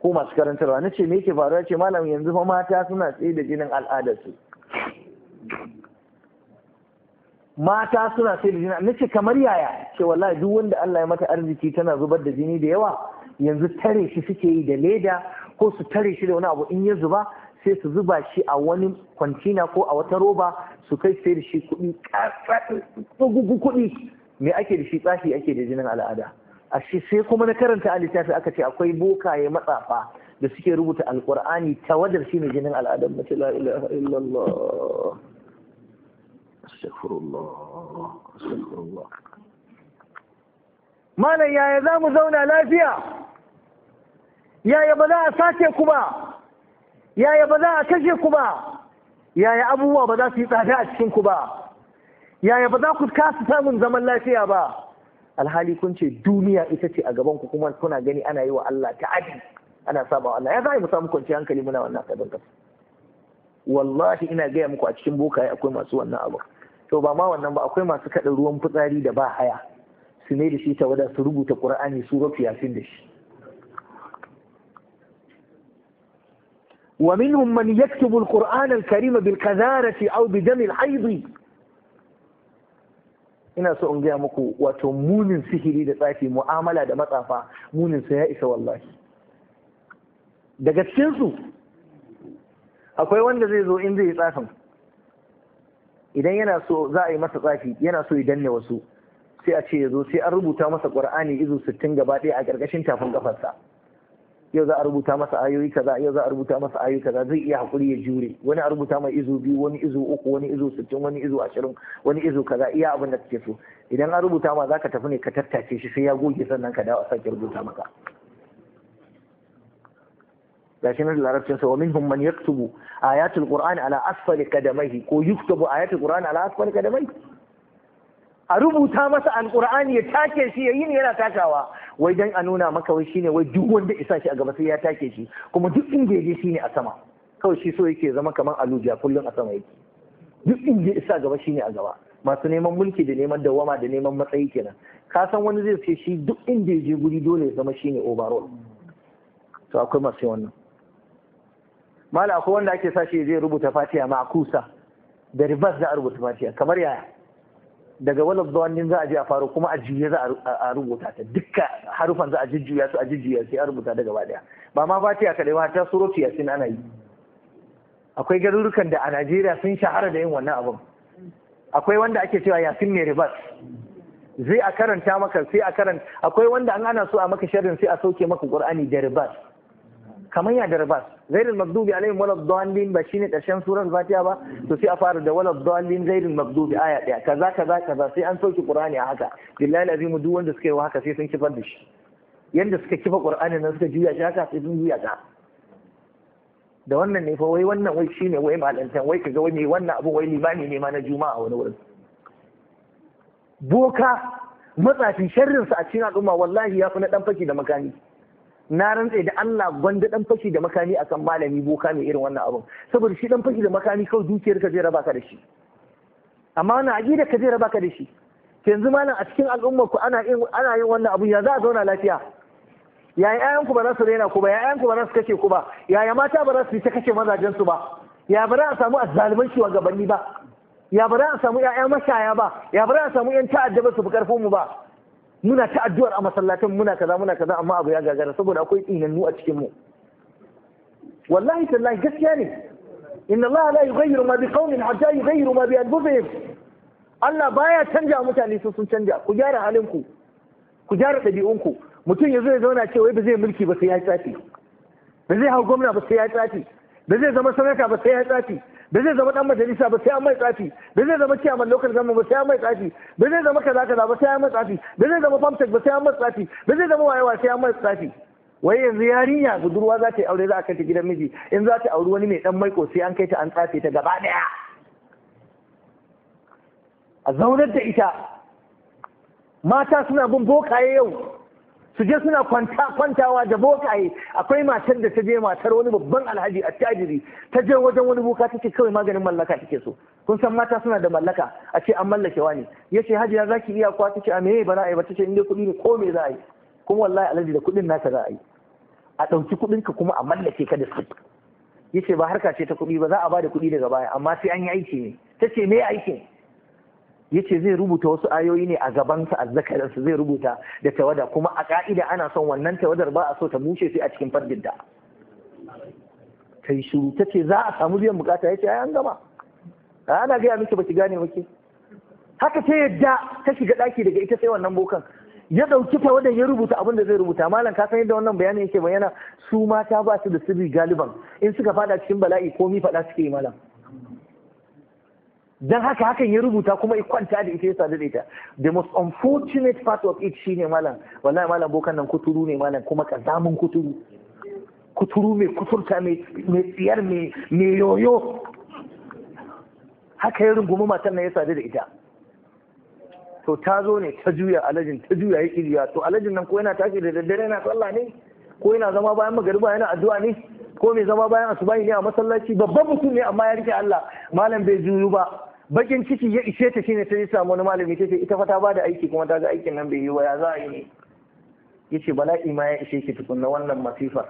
ko masu karantarwa na ce me yake faruwa ce malam yanzu fa mata suna tsaye da jinin al'adarsu mata suna sai da jini na ce kamar yaya ce wallahi duk wanda Allah ya mata arziki tana zubar da jini da yawa yanzu tare shi suke yi da leda ko su tare shi da wani abu in ya zuba sai su zuba shi a wani kwantina ko a wata roba su kai sai da shi kuɗi tsugugu kuɗi me ake da shi tsafi ake da jinin al'ada a shi sai kuma na karanta a littafi aka ce akwai bokaye matsafa da suke rubuta alkur'ani tawadar shi ne jinin al'adar mace la ilaha astaghfirullah astaghfirullah malam yaya za mu zauna lafiya yaya ba za a sace ku ba yaya ba za a kashe ku ba yaya abubuwa ba za su yi tsada a cikin ku ba yaya ba za ku kasa samun zaman lafiya ba alhali kun ce duniya ita ce a gaban ku kuma kuna gani ana yi wa Allah ta'adi ana saba wa Allah ya za mu samu kwanciyar hankali muna wannan kadan kasu wallahi ina gaya muku a cikin bokaye akwai masu wannan abu to ba ma wannan ba akwai masu kaɗa ruwan fitsari da ba haya su ne da shi ta wada su rubuta ƙur'ani su rafi yasin da shi ومنهم من يكتب القرآن الكريم بالكذارة أو بدم الحيض ina so in gaya muku wato munin sihiri da tsafi mu'amala da matsafa munin sa ya isa wallahi daga cikinsu akwai wanda zai zo in zai yi tsafin idan yana so za a yi masa tsafi yana so ya danne wasu sai a ce ya zo sai an rubuta masa qur'ani izu sittin gaba ɗaya a ƙarƙashin tafin kafarsa yau za a rubuta masa ayoyi kaza yau za a rubuta masa ayoyi kaza zai iya hakuri ya jure wani a rubuta mai izu biyu wani izu uku wani izu sittin wani izu ashirin wani izu kaza iya abin da kake so idan an rubuta ma zaka tafi ne ka tattace shi sai ya goge sannan ka dawo a sake rubuta maka gashi nan larabcin sa wa minhum man yaktubu ayatul qur'an ala asfali kadamaihi ko yuktubu ayatul qur'an ala asfali kadamaihi a rubuta masa alqur'ani ya take shi yayin ne yana takawa wai dan a nuna maka wai shine wai duk wanda isa shi a gaba sai ya take shi kuma duk inda ya je shine a sama kawai shi so yake zama kamar aluja kullum a sama yake duk inda isa gaba shine a gaba masu neman mulki da neman dawama da neman matsayi kenan ka san wani zai ce shi duk inda ya je guri dole ya zama shine overall to akwai masu wannan mala akwai wanda ake sashi zai rubuta ma kusa da ribas za a rubuta Fatiya. kamar yaya daga wani zuwannin za a je a faro kuma a juye za a rubuta ta dukkan harufan za a jujjuya su a jujjuya sai a rubuta daga gaba daya ba ma fatiya kadai ba ta suroti yasin ana yi akwai garurukan da a Najeriya sun shahara da yin wannan abun akwai wanda ake cewa yasin ne ribas zai a karanta maka sai a karanta akwai wanda an ana so a maka sharrin sai a sauke maka qur'ani da ribas kamar ya darbas ghairul magdubi alaihim wala dhalin ba shine karshen surar fatiha ba to sai a fara da wala dhalin ghairul magdubi aya daya kaza kaza kaza sai an sauki qur'ani a haka billahi azimu duk wanda suka yi haka sai sun kifar da shi yanda suka kifa qur'ani nan suka juya shi haka sai sun juya ta da wannan ne fa wai wannan wai shine wai malantan wai kaga wai wannan abu wai limani ne ma na juma'a wani wurin boka matsafin sharrinsa a cikin al'umma wallahi ya fi na dan faki da makani na rantse da Allah gwanda dan fashi da makami akan malami boka mai irin wannan abun saboda shi dan fashi da makami kawai dukiyar ka zai raba ka da shi amma wannan aqida ka zai raba ka da shi yanzu malam a cikin al'ummar ku ana yin ana yin wannan abun ya za a zauna lafiya ya ƴaƴan ku ba za su rena ku ba ya ƴaƴan ku ba za su kashe ku ba ya mata ba za su ta kashe mazajen su ba ya ba za a samu azzaliman gabanni ba ya ba za a samu ƴaƴa mashaya ba ya ba za a samu ƴan ta'adda ba su fi karfin mu ba muna ta addu'ar a masallatan muna kaza muna kaza amma abu ya gagara saboda akwai tsinannu a cikin mu wallahi tallahi gaskiya ne inna allaha la yughayyiru ma biqaumin hatta yughayyiru ma bi anfusihim Allah baya canja mutane su sun canja ku gyara halin ku ku gyara ku. mutum ya zo ya zauna ce wai ba zai mulki ba sai ya tsafi ba zai hau gwamna ba sai ya tsafi ba zai zama sanata ba sai ya tsafi ba zai zama dan majalisa ba sai an mai tsafi ba zai zama ciyaman local government ba sai an mai tsafi ba zai zama kaza kaza ba sai an mai tsafi ba zai zama famtech ba sai an mai tsafi ba zai zama wayewa sai an mai tsafi wai yanzu yarinya budurwa za ta yi aure za a kai ta gidan miji in za ta auri wani mai dan maiko sai an kai ta an tsafe ta gaba daya a zaunar da ita mata suna bin bokaye yau su je suna kwanta kwantawa da bokaye akwai matar da ta je matar wani babban alhaji a tajiri ta je wajen wani boka ta ce kawai maganin mallaka take so kun san mata suna da mallaka a ce an mallake wani ya ce hajiya za ki iya kwa ta ce a meye ba za a yi ba ta ce inda kuɗi ne ko me za a yi kuma wallahi alhaji da kuɗin naka za a yi a ɗauki ka kuma a mallake ka da su ya ce ba harka ce ta kuɗi ba za a ba da kuɗi daga baya amma sai an yi aiki ne ta ce me aikin Ya ce zai rubuta wasu ayoyi ne a gabansa zakararsa zai rubuta da tawada kuma a ka'ida ana son wannan tawadar ba a so ta bushe sai a cikin fardinta kai shiru ta ce za a samu biyan bukata ya ce an gama ana gaya miki baki gane wake haka ta yadda ta shiga daki daga ita sai wannan bokan ya dauki tawadar ya rubuta abin da zai rubuta malam ka san yadda wannan bayanin yake bayyana su mata ba su da sirri galiban in suka fada cikin bala'i komi faɗa suke yi malam dan haka hakan ya rubuta kuma ya kwanta da ita ya sadu da ita the most unfortunate part of it shine malam wallahi malam bokan nan kuturu ne malam kuma kazamin kuturu kuturu mai kusurta mai tsiyar mai yoyo haka ya rungumi matan nan ya sadu da ita to ta zo ne ta juya alajin ta juya ya kiriya to alajin nan ko yana tashi da daddare yana sallah ne ko yana zama bayan magariba yana addu'a ne ko mai zama bayan asubahi ne a masallaci babban mutum ne amma ya rike Allah malam bai juyu ba bakin ciki ya ishe ta shine ta samu wani malami ta ce ita fa ta bada aiki kuma ta ga aikin nan bai yi ba ya za a yi ne yace bala'i ma ya ishe ki tukunna wannan masifar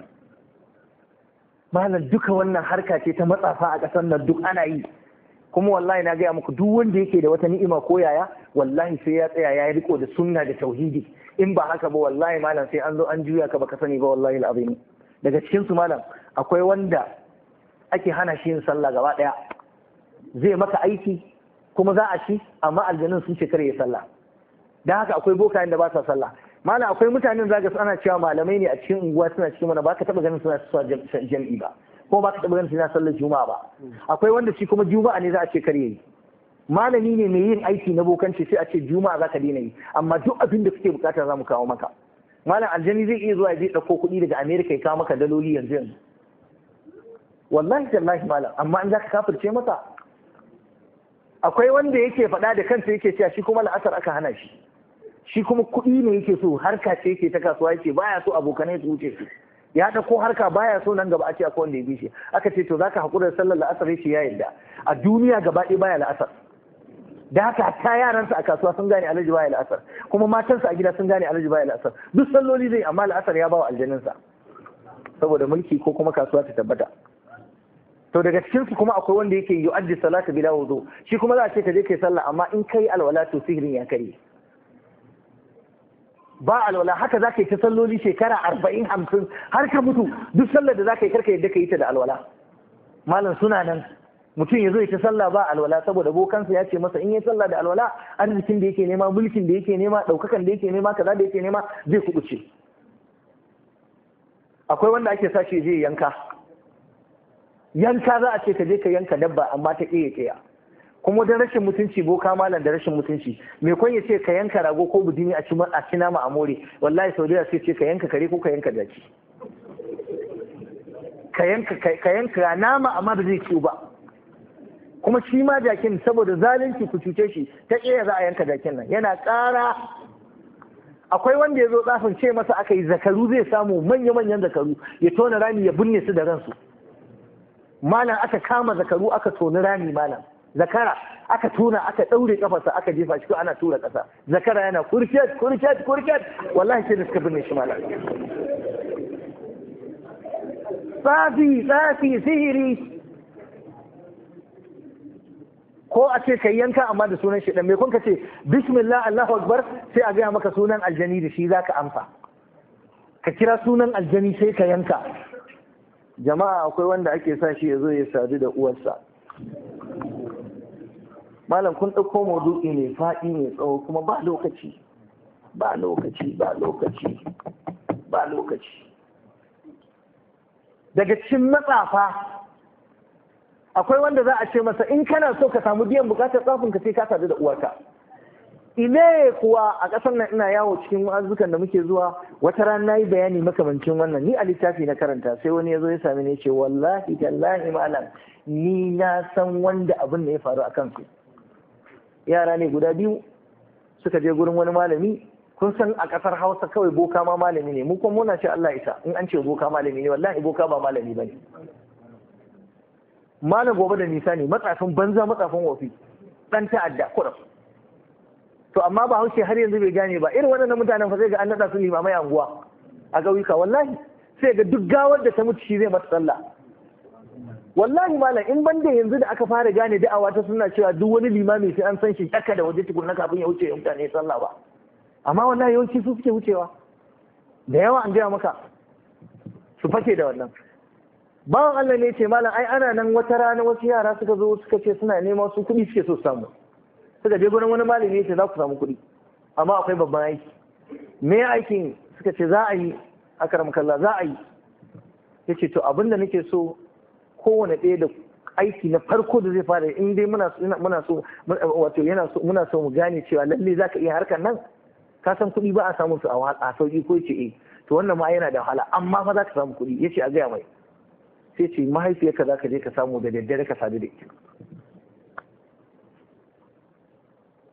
malam duka wannan harka ce ta matsafa a ƙasar nan duk ana yi kuma wallahi na gaya muku duk wanda yake da wata ni'ima ko yaya wallahi sai ya tsaya ya yi riko da sunna da tauhidi in ba haka ba wallahi malam sai an zo an juya ka baka sani ba wallahi al'azim daga cikin su malam akwai wanda ake hana shi yin sallah gaba ɗaya, zai maka aiki kuma za a ci amma aljanun sun ce kare ya sallah dan haka akwai bokayen da ba sa sallah mana akwai mutanen zaga su ana cewa malamai ne a cikin unguwa suna cikin mana ba ka taba ganin suna jam'i ba ko ba ka taba ganin suna sallar juma'a ba akwai wanda shi kuma juma'a ne za a ce kare yi malami ne mai yin aiki na bokanci sai a ce juma'a za ka daina yi amma duk abin da kake bukata za mu kawo maka malam aljani zai iya zuwa ya je ɗauko kuɗi daga amerika ya kawo maka daloli yanzu yanzu wallahi tallahi malam amma in za ka kafirce maka akwai wanda yake faɗa da kansa yake cewa shi kuma la'asar aka hana shi shi kuma kuɗi ne yake so harka ce yake ta kasuwa yake baya so abokanai su wuce su ya da ko harka baya so nan gaba a ce akwai wanda ya bishe aka ce to zaka hakura da sallar la'asar yace ya yarda a duniya gaba ɗaya baya la'asar da haka ta yaransa a kasuwa sun gane alhaji baya la'asar kuma matansa a gida sun gane alhaji baya la'asar duk salloli zai amma la'asar ya bawa aljaninsa saboda mulki ko kuma kasuwa ta tabbata to daga cikin su kuma akwai wanda yake yu'addi salata bila wudu shi kuma za a ce ka je kai sallah amma in kai alwala to sihirin ya kare ba alwala haka za ka yi ta salloli shekara arba'in hamsin har ka mutu duk sallar da za ka yi karka yadda ka yi ta da alwala malam suna nan mutum ya zo ya ta sallah ba alwala saboda bokansa ya ce masa in ya sallah da alwala arzikin da yake nema mulkin da yake nema ɗaukakan da yake nema kaza da yake nema zai kubuce akwai wanda ake sa shi je yanka yanka za a ce ka je ka yanka dabba amma ta ƙiya ƙiya kuma don rashin mutunci boka malam da rashin mutunci me kwan ya ce ka yanka rago ko budini a ci nama a more wallahi sau da ce ka yanka kare ko ka yanka daki ka yanka nama amma ba zai ciwo ba kuma shi ma jakin saboda zalunci ku cuce shi ta iya za a yanka jakin nan yana ƙara akwai wanda ya zo tsafin ce masa aka yi zakaru zai samu manya-manyan zakaru ya tona rami ya binne su da ransu malam aka kama zakaru aka toni rami malam zakara aka tuna aka ɗaure kafarsa aka jefa shi ana tura kasa zakara yana kurket kurket kurket wallahi sai da suka binne shi malam tsafi tsafi sihiri ko a ce kai yanka amma da sunan shi dan me kun ka ce bismillah allahu akbar sai a gaya maka sunan aljani da shi zaka amsa ka kira sunan aljani sai ka yanka jama'a akwai wanda ake sa shi ya zo ya sadu da uwarsa malam kun ɗauko maudu'i ne faɗi ne tsawo kuma ba lokaci ba lokaci ba lokaci ba lokaci daga cikin matsafa akwai wanda za a ce masa in kana so ka samu biyan bukatar tsafin ka sai ka sadu da uwarka ile kuwa a ƙasar nan ina yawo cikin wa'azukan da muke zuwa wata rana na yi bayani makamancin wannan ni a littafi na karanta sai wani ya zo ya sami ne ce wallahi tallahi malam ni na san wanda abin da ya faru a kansu yara ne guda biyu suka je gurin wani malami kun san a ƙasar hausa kawai boka ma malami ne mu kuma muna ce Allah isa in an ce boka malami ne wallahi boka ba malami bane malam gobe da nisa ne matsafin banza matsafin wofi dan ta'adda kurum to amma ba haushe har yanzu bai gane ba irin waɗannan mutanen fa zai ga an naɗa su limamai anguwa a ƙauyuka wallahi sai ga duk gawar da ta mutu shi zai mata sallah wallahi malam in ban da yanzu da aka fara gane da'awa ta suna cewa duk wani limami sai an san shi yaka da waje tukunna kafin ya wuce ya mutane sallah ba amma wallahi yawanci su suke wucewa da yawa an gaya maka su fake da wannan bawan Allah ne ce malam ai ana nan wata rana wasu yara suka zo suka ce suna neman su kuɗi suke so samu suka je gurin wani malami ya ce za ku samu kuɗi amma akwai babban aiki me aikin suka ce za a yi a kalla za a yi ya ce to abin da nake so kowane ɗaya da aiki na farko da zai fara in dai muna so wato yana so muna so mu gane cewa lalle zaka iya harkar nan ka san kuɗi ba a samu su a sauki ko ce eh to wannan ma yana da wahala amma fa za ka samu kuɗi yace a gaya mai sai ce mahaifiyarka ka je ka samu da daddare ka sadu da ita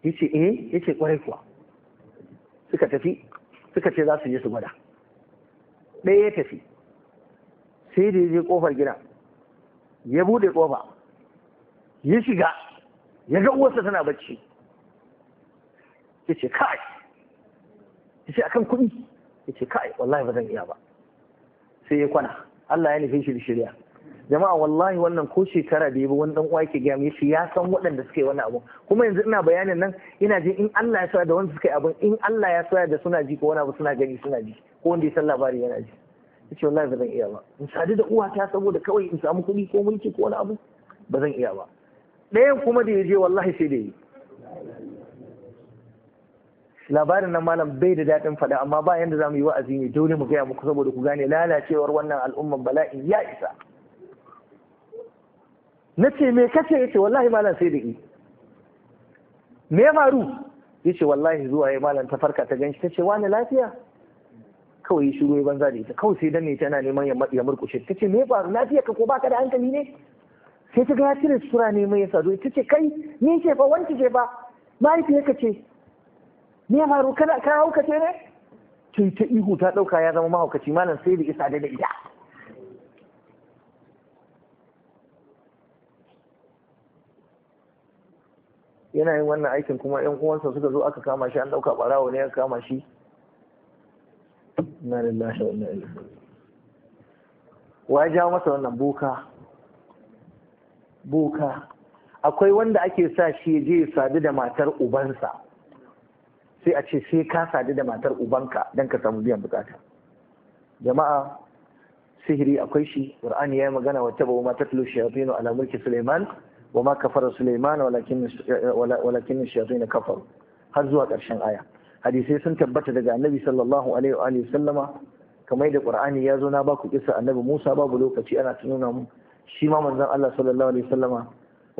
yace eh yace kwarai kuwa suka tafi suka ce za su je su gwada ɗaya ya tafi sai da ya je kofar gida ya bude kofa ya shiga ya ga uwarsa tana bacci yace kai yace akan kuɗi yace kai wallahi ba zan iya ba sai ya kwana Allah ya nufin shi da shirya jama'a wallahi wannan ko shekara da ya bi wani dan uwa yake gaya shi ya san waɗanda suka yi wannan abun kuma yanzu ina bayanin nan ina jin in Allah ya sa da wanda suka yi abun in Allah ya sa da suna ji ko wani abu suna gani suna ji ko wanda ya san labari yana ji ce wallahi ba zan iya ba in sadu da uwa ta saboda kawai in samu kuɗi ko mulki ko wani abu ba zan iya ba ɗayan kuma da ya je wallahi sai da yi labarin nan malam bai da daɗin faɗa amma ba yanda za mu yi wa'azi ne dole mu gaya muku saboda ku gane lalacewar wannan al'umman bala'i ya isa na ce me kace ya ce wallahi malam sai da me ya faru ya ce wallahi zuwa ya malam ta farka ta ganshi ta ce wani lafiya kawai ya shigo ya banza da ita kawai sai ne tana neman ya murkushe ta ce me ya faru lafiya ka ko baka da hankali ne sai ta ga ya cire sura ne mai yasa zo ta ce kai ni ce fa wanki ce fa ya ce me ya faru kana ka haukace ne ta ta ihu ta dauka ya zama mahaukaci malam sai da isa da ita yana yin wannan aikin kuma yan uwansa suka zo aka kama shi an dauka barawo ne aka kama shi Na lillahi wa inna ilaihi wa ya jawo masa wannan boka boka akwai wanda ake sa shi je ya sadu da matar ubansa sai a ce sai ka sadu da matar ubanka don ka samu biyan bukata jama'a sihiri akwai shi qur'ani ya yi magana wata ba ma tatlu shayatinu ala mulki suleiman wa ma kafara Sulaiman walakin shayatin kafar? har zuwa ƙarshen aya hadisai sun tabbata daga annabi sallallahu alaihi wa sallama kamar da qur'ani ya zo na baku kisa annabi Musa babu lokaci ana tunanin mu shi ma manzon Allah sallallahu alaihi wa sallama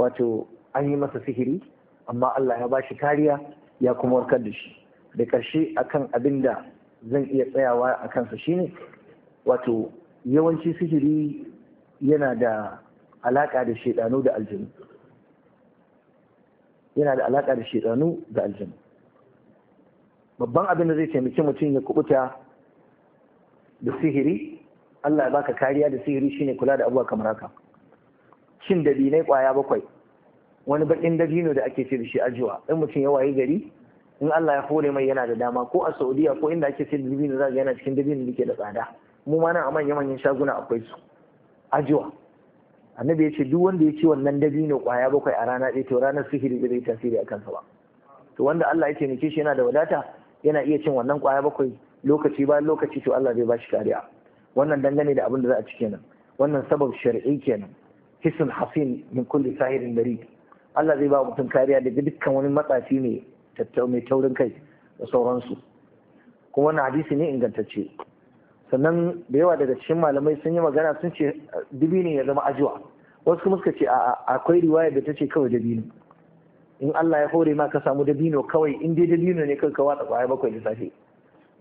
wato an yi masa sihiri amma Allah ya bashi kariya ya kuma warkar da shi da ƙarshe akan abin da zan iya tsayawa a kansa shine wato yawanci sihiri yana da alaka da shaidanu da aljanu yana da alaka da shaidanu da babban abin da zai taimaki mutum ya kubuta da sihiri Allah ya baka kariya da sihiri shine kula da abuwa kamar haka cin dabinai kwaya bakwai wani bakin dabino da ake ce da shi ajiwa in mutum ya waye gari in Allah ya hore mai yana da dama ko a Saudiya ko inda ake ce da dabino za ga yana cikin dabino da ke da tsada mu ma nan a manyan shaguna akwai su ajiwa annabi ya ce duk wanda ya ci wannan dabino kwaya bakwai a rana ɗaya to ranar sihiri ba zai tasiri a kansa ba to wanda Allah ya nake shi yana da wadata yana iya cin wannan kwaya bakwai lokaci bayan lokaci to Allah zai ba shi kariya wannan dangane da abin da za a ci kenan wannan sabab shar'i kenan hisun hafin min kulli sahirin dari Allah zai ba mutum kariya daga dukkan wani matsafi mai mai taurin kai da sauransu kuma wannan hadisi ne ingantacce sannan da yawa daga cikin malamai sun yi magana sun ce ne ya zama ajiwa. wasu kuma suka ce akwai riwaya da ta ce kawai dabino in Allah ya hore ma ka samu dabino kawai in dai dabino ne ka watsa kwaya bakwai da safe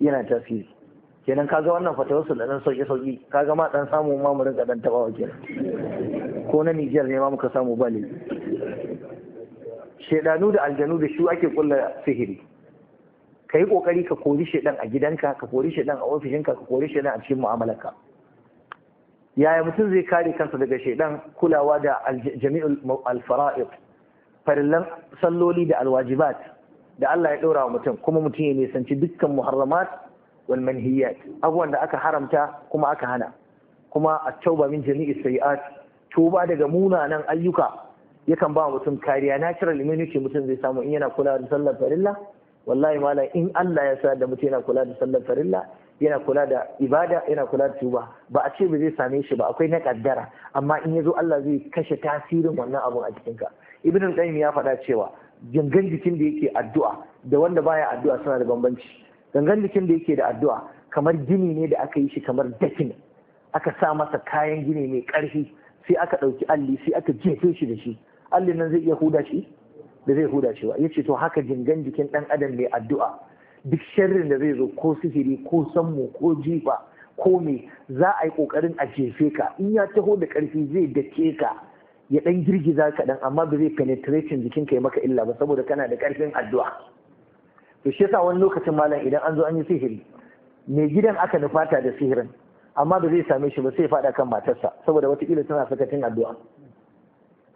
yana tasiri kenan ga wannan fatawar su da dan sauki sauki kaga ma dan samu ma mu rinka dan tabawa kenan ko na Niger ne ma muka samu bale shedanu da aljanu da shi ake kulla sihiri ka yi kokari ka kori shedan a gidanka ka kori shedan a ofishinka ka kori shedan a cikin mu'amalarka yaya mutum zai kare kansa daga shaidan kulawa da jami'ul al-fara'id farillan salloli da alwajibat da Allah ya ɗora wa mutum kuma mutum ya nisanci dukkan muharramat wal manhiyat abubuwan da aka haramta kuma aka hana kuma a tauba min jami'i sayi'at tuba daga munanan ayyuka yakan ba mutum kariya natural immunity mutum zai samu in yana kulawa da sallar farilla wallahi mala in Allah ya sa da mutum yana kula da sallar farilla yana kula da ibada yana kula da tuba ba a ce ba zai same shi ba akwai na kaddara amma in ya zo Allah zai kashe tasirin wannan abun a jikinka ibn al-qayyim ya faɗa cewa gangan jikin da yake addu'a da wanda baya addu'a suna da bambanci gangan jikin da yake da addu'a kamar gini ne da aka yi shi kamar dakin aka sa masa kayan gini mai ƙarfi sai aka ɗauki alli sai aka jefe shi da shi allin nan zai iya huda shi da zai huda shi ba ce to haka jingan jikin ɗan adam mai addu'a duk sharrin da zai zo ko sihiri ko sammu ko jifa ko mai za a yi kokarin a jefe ka in ya taho da ƙarfi zai dake ka ya ɗan girgiza ka ɗan amma ba zai penetration jikin ka yi maka illa ba saboda kana da ƙarfin addu'a to shi yasa wani lokacin malam idan an zo an yi sihiri mai gidan aka nufata da sihirin amma ba zai same shi ba sai faɗa kan matarsa saboda watakila tana sakatin addu'a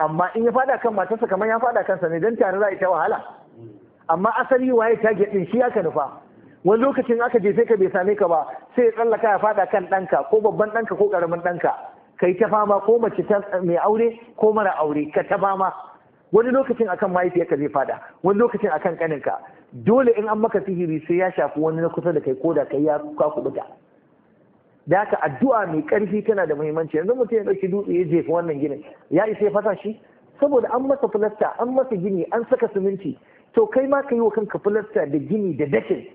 amma in ya fada kan matarsa kamar ya fada kansa ne dan tare za a ta wahala amma asali waye target din shi aka nufa wani lokacin aka je sai ka bai same ka ba sai ya tsallaka ya fada kan ɗanka ko babban ɗanka ko ƙaramin ɗanka kai ta fama ko mace ta mai aure ko mara aure ka ta fama wani lokacin akan ka zai fada wani lokacin akan ƙaninka dole in an maka sihiri sai ya shafi wani na kusa da kai ko da kai ya ka kubuta da haka addu'a mai ƙarfi tana da muhimmanci yanzu mutum ya ɗauki dutse ya jefa wannan ginin ya isa ya fasa shi saboda an masa filasta an masa gini an saka siminti to kai ma ka yi wa kanka filasta da gini da dakin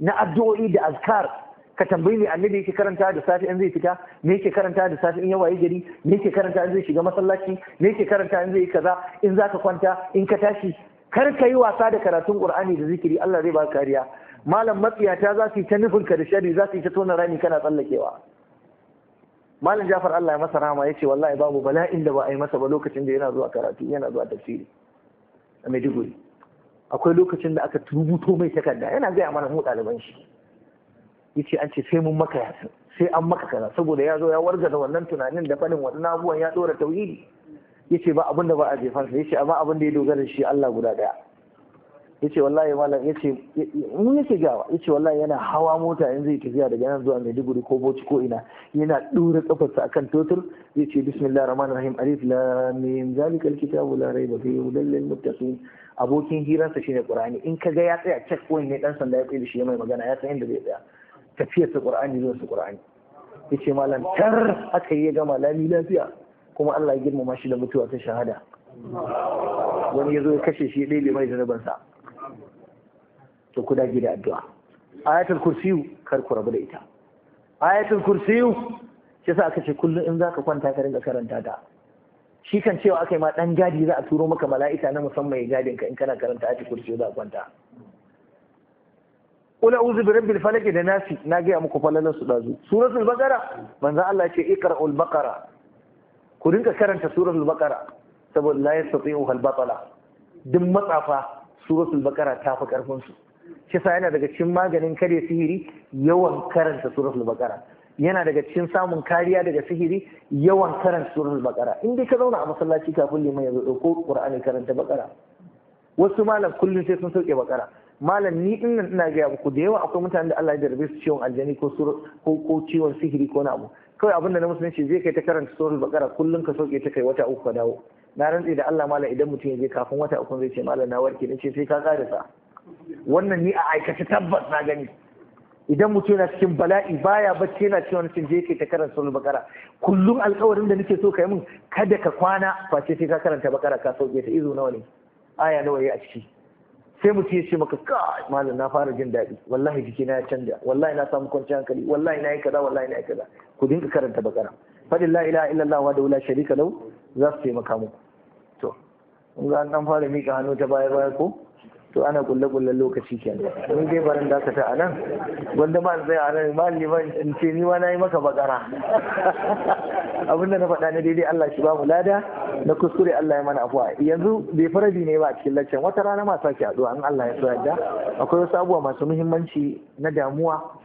na addu'o'i da azkar ka tambayi ne annabi yake karanta da safe in zai fita me yake karanta da safe in ya waye gari me yake karanta in zai shiga masallaci me yake karanta in zai yi kaza in zaka kwanta in ka tashi kar ka yi wasa da karatun qur'ani da zikiri Allah zai baka kariya malam matsiyata za su yi ta nufin ka da shari za su yi ta tona rami kana tsallakewa malam jafar Allah ya masa rama ya ce wallahi babu bala'in da ba a yi masa ba lokacin da yana zuwa karatu yana zuwa tafsiri a maiduguri akwai lokacin da aka rubuto mai takarda yana gaya mana mu ɗaliban shi ya ce an ce sai mun maka yasin sai an maka kaza saboda ya zo ya wargaza wannan tunanin da faɗin wannan abubuwan ya ɗora tauhidi ya ce ba abin da ba a jefansa ya ce amma abin da ya dogara shi Allah guda ɗaya yace wallahi malam yace mun yake gawa yace wallahi yana hawa mota in zai tafiya daga nan zuwa Maiduguri ko Bauchi ko ina yana dura kafarsa akan totur yace bismillahir rahmanir rahim alif lam mim zalikal kitabu la rayba fihi hudal lil muttaqin abokin hirarsa shine Qur'ani in ka ga ya tsaya check point ne dan sanda ya kai da shi mai magana ya san inda zai tsaya tafiyar sa Qur'ani zuwa sa Qur'ani yace malam tar aka yi gama lami lafiya kuma Allah ya girmama shi da mutuwa ta shahada wani ya zo ya kashe shi ɗaya bai mai zanubansa to ku dage da addu'a ayatul kursiyu kar ku rabu da ita ayatul kursiyu shi sa aka ce kullum in zaka kwanta ka rinka karanta ta shi kan cewa akai ma dan gadi za a turo maka mala'ika na musamman ya gadin ka in kana karanta ayatul kursiyu za ka kwanta Ula, uzu bi rabbil falaq da nasi na ga muku falalan su dazu suratul baqara manzo Allah ce iqra'ul baqara ku rinka karanta suratul baqara saboda la yastati'u al batala duk matsafa suratul baqara ta fi karfin su kisa yana daga cikin maganin kare sihiri yawan karanta suratul bakara yana daga cikin samun kariya daga sihiri yawan karanta suratul bakara in dai ka zauna a masallaci kafin liman ya zo dauko qur'ani karanta bakara wasu malam kullum sai sun sauke bakara malam ni din nan ina gaya muku da yawa akwai mutanen da Allah ya jarbe su ciwon aljani ko ko ciwon sihiri ko na abu kawai abin da na musulunci zai kai ta karanta suratul bakara kullum ka sauke ta kai wata uku ka dawo na rantse da Allah malam idan mutum ya je kafin wata uku zai ce malam na warke nace sai ka karasa wannan ni a aikace tabbas na gani idan mutum yana cikin bala'i baya bacci yana cikin wani je yake ta karanta sunan bakara kullum alkawarin da nake so ka yi min kada ka kwana face sai ka karanta bakara ka sauke ta izo nawa ne aya nawa ne a ciki sai mutum ya ce maka ka malam na fara jin daɗi wallahi jiki na ya canja wallahi na samu kwanciyar hankali wallahi na yi kaza wallahi na yi kaza ku dinga karanta bakara fadin la ilaha illallah wa da wula sharika lau za su taimaka muku to kun ga an fara miƙa hannu ta baya baya ko to ana kulle-kullen lokaci ke mun dai barin dakata a nan wanda ma zai a nan ma in ce ni ma yi maka bakara abinda na faɗa na daidai Allah shi ba mu lada na kuskure Allah ya mana afuwa yanzu bai farabi ne ba a cikin laccen wata rana ma sake addu'a in Allah ya so yadda akwai wasu abubuwa masu muhimmanci na damuwa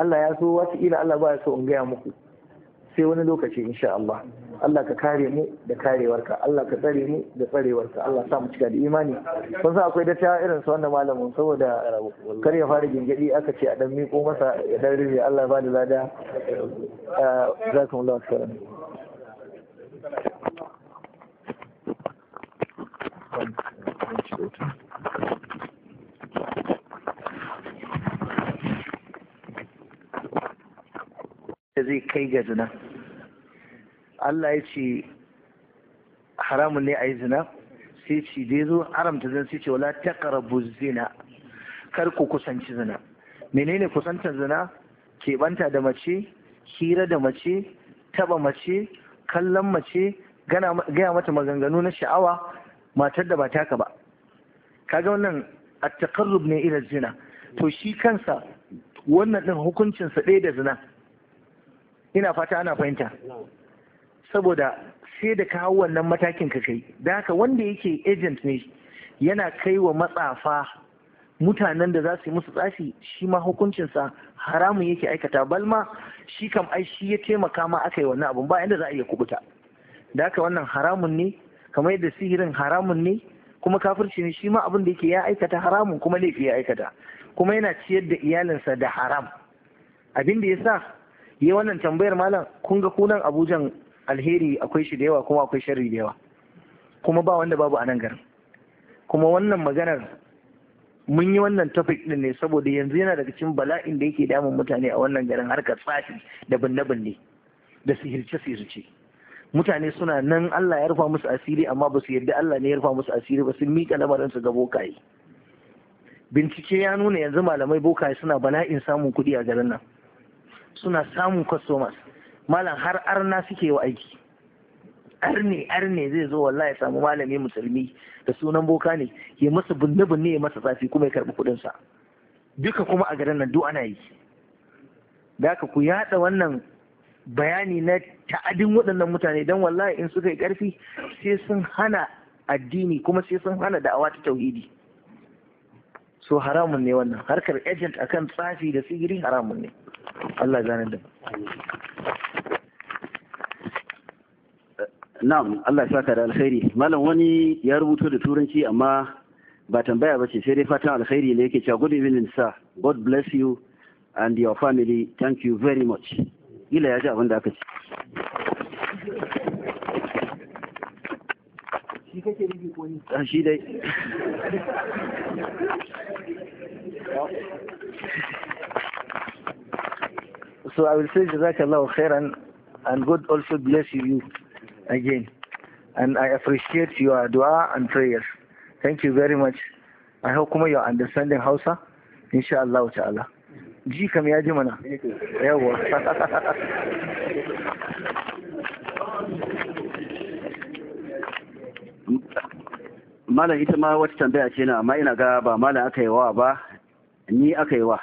Allah ya so wata ila Allah ba ya so in gaya muku sai wani lokaci insha Allah Allah ka kare mu da karewarka Allah ka tsare mu da tsarewarka Allah sa mu cika da imani kun san akwai dattawa irin su wannan malamin saboda kar ya fara gingidi aka ce a dan miko masa ya dan rufe Allah ba da lada eh, a khairan Thank you. da zai kai ga zina Allah ya ce haramun ne a yi zina sai ce dai zo haramta zina sai ce wala taqrabu zina kar ku kusanci zina menene kusantar zina keɓanta da mace hira da mace taba mace kallon mace gaya mata maganganu na sha'awa matar da ba taka ba kaga wannan a takarrub ne irin zina to shi kansa wannan ɗin hukuncinsa ɗaya da zina ina fata ana fahimta saboda sai da kawo wannan matakin ka kai da haka wanda yake agent ne yana kai wa matsafa mutanen da za su yi musu tsafi shi ma hukuncinsa haramun yake aikata balma shi kam ai shi ya taimaka ma aka yi wannan abun ba inda za a iya kubuta da haka wannan haramun ne kamar yadda sihirin haramun ne kuma kafirci ne shi ma abin da yake ya aikata haramun kuma laifi ya aikata kuma yana ciyar da iyalinsa da haram abin da ya sa yi wannan tambayar malam kun ga kunan abujan alheri akwai shi da yawa kuma akwai sharri da yawa kuma ba wanda babu a garin kuma wannan maganar mun yi wannan topic din ne saboda yanzu yana daga cikin bala'in da yake damun mutane a wannan garin harkar tsafi da binne-binne da sihirce-sihirce mutane suna nan Allah ya rufa musu asiri amma ba su yarda Allah ne ya rufa musu asiri ba su miƙa lamarin su ga bokaye bincike ya nuna yanzu malamai bokaye suna bala'in samun kuɗi a garin nan suna samun customers malam har arna suke wa aiki arne arne zai zo wallahi ya samu malami musulmi da sunan boka ne ya masa binne binne ya masa zafi kuma ya karbi kudin sa duka kuma a garin nan duk ana yi da ka ku yada wannan bayani na ta'adin waɗannan mutane don wallahi in suka yi karfi sai sun hana addini kuma sai sun hana da'awa ta tauhidi so haramun ne wannan harkar agent akan tsafi da sigiri haramun ne Allah gane da na'am Allah ya saka da alkhairi malam wani ya rubuto da turanci amma ba tambaya ba ce sai dai fatan alkhairi ne yake cewa good evening sir god bless you and your family thank you very much ila ya ji abin da aka ce Ah, so I will say Jazakallah khairan and God also bless you again. And I appreciate your dua and prayers. Thank you very much. I hope kuma you are understanding Hausa. Insha Allah ta'ala. Ji kam ya ji mana. Yawwa. [laughs] malam ita ma wata tambaya ce na amma ina ga ba malam aka yi wa ba ni aka yi wa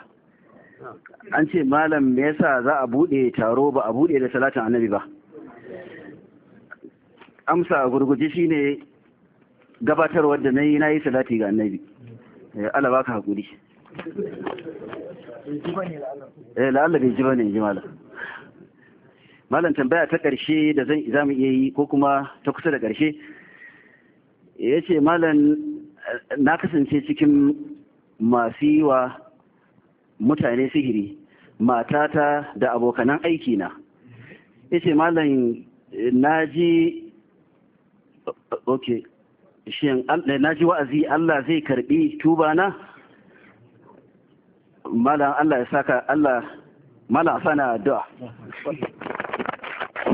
an ce malam me yasa za a bude taro ba a bude da salatin annabi ba amsa gurguje shine gabatarwar da nayi nayi salati ga annabi eh, Allah baka hakuri eh la'alla bai ji bane ji malam malam tambaya ta karshe da zan za mu iya yi ko kuma ta kusa da karshe ya ce malam na kasance cikin masu yi wa mutane sihiri matata da abokanan aikina ya ce malam na ji ok na ji wa'azi Allah zai karbi tuba na malam Allah ya saka Allah malam sana addu'a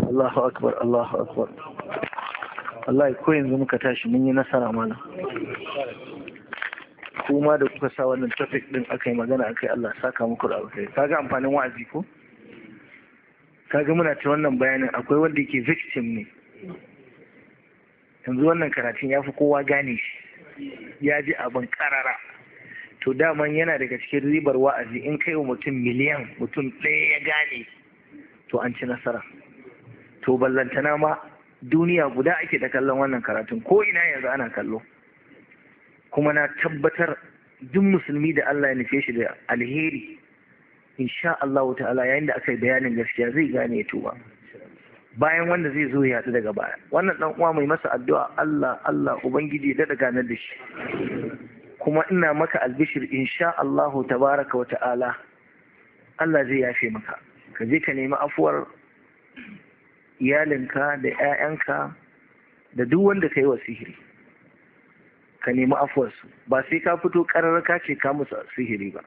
Allahu akbar Allahu akbar wallahi ko yanzu muka tashi mun yi nasara mana kuma da kuka sa wannan topic din aka yi magana akai Allah saka muku da Ka kaga amfanin wa'azi ko kaga muna ta wannan bayanin akwai wanda yake victim ne yanzu wannan karatun ya fi kowa gane shi ya ji abin karara to daman yana daga cikin ribar wa'azi in kai wa mutum miliyan mutum ɗaya ya gane to an ci nasara to ballantana ma duniya guda ake da kallon wannan karatun ko ina yanzu ana kallo kuma na tabbatar duk musulmi da Allah ya nufe shi da alheri insha Allah ta'ala yayin da aka yi bayanin gaskiya zai gane ya tuba bayan wanda zai zo ya daga baya wannan dan uwa mai masa addu'a Allah Allah ubangiji da daga nan da shi kuma ina maka albishir insha Allah tabaraka wa ta'ala Allah zai yafe maka ka je ka nemi afuwar iyalinka da 'ya'yanka da duk wanda ka yi wa sihiri ka nemi afuwarsu ba sai ka fito ƙarar ka ce ka musu sihiri ba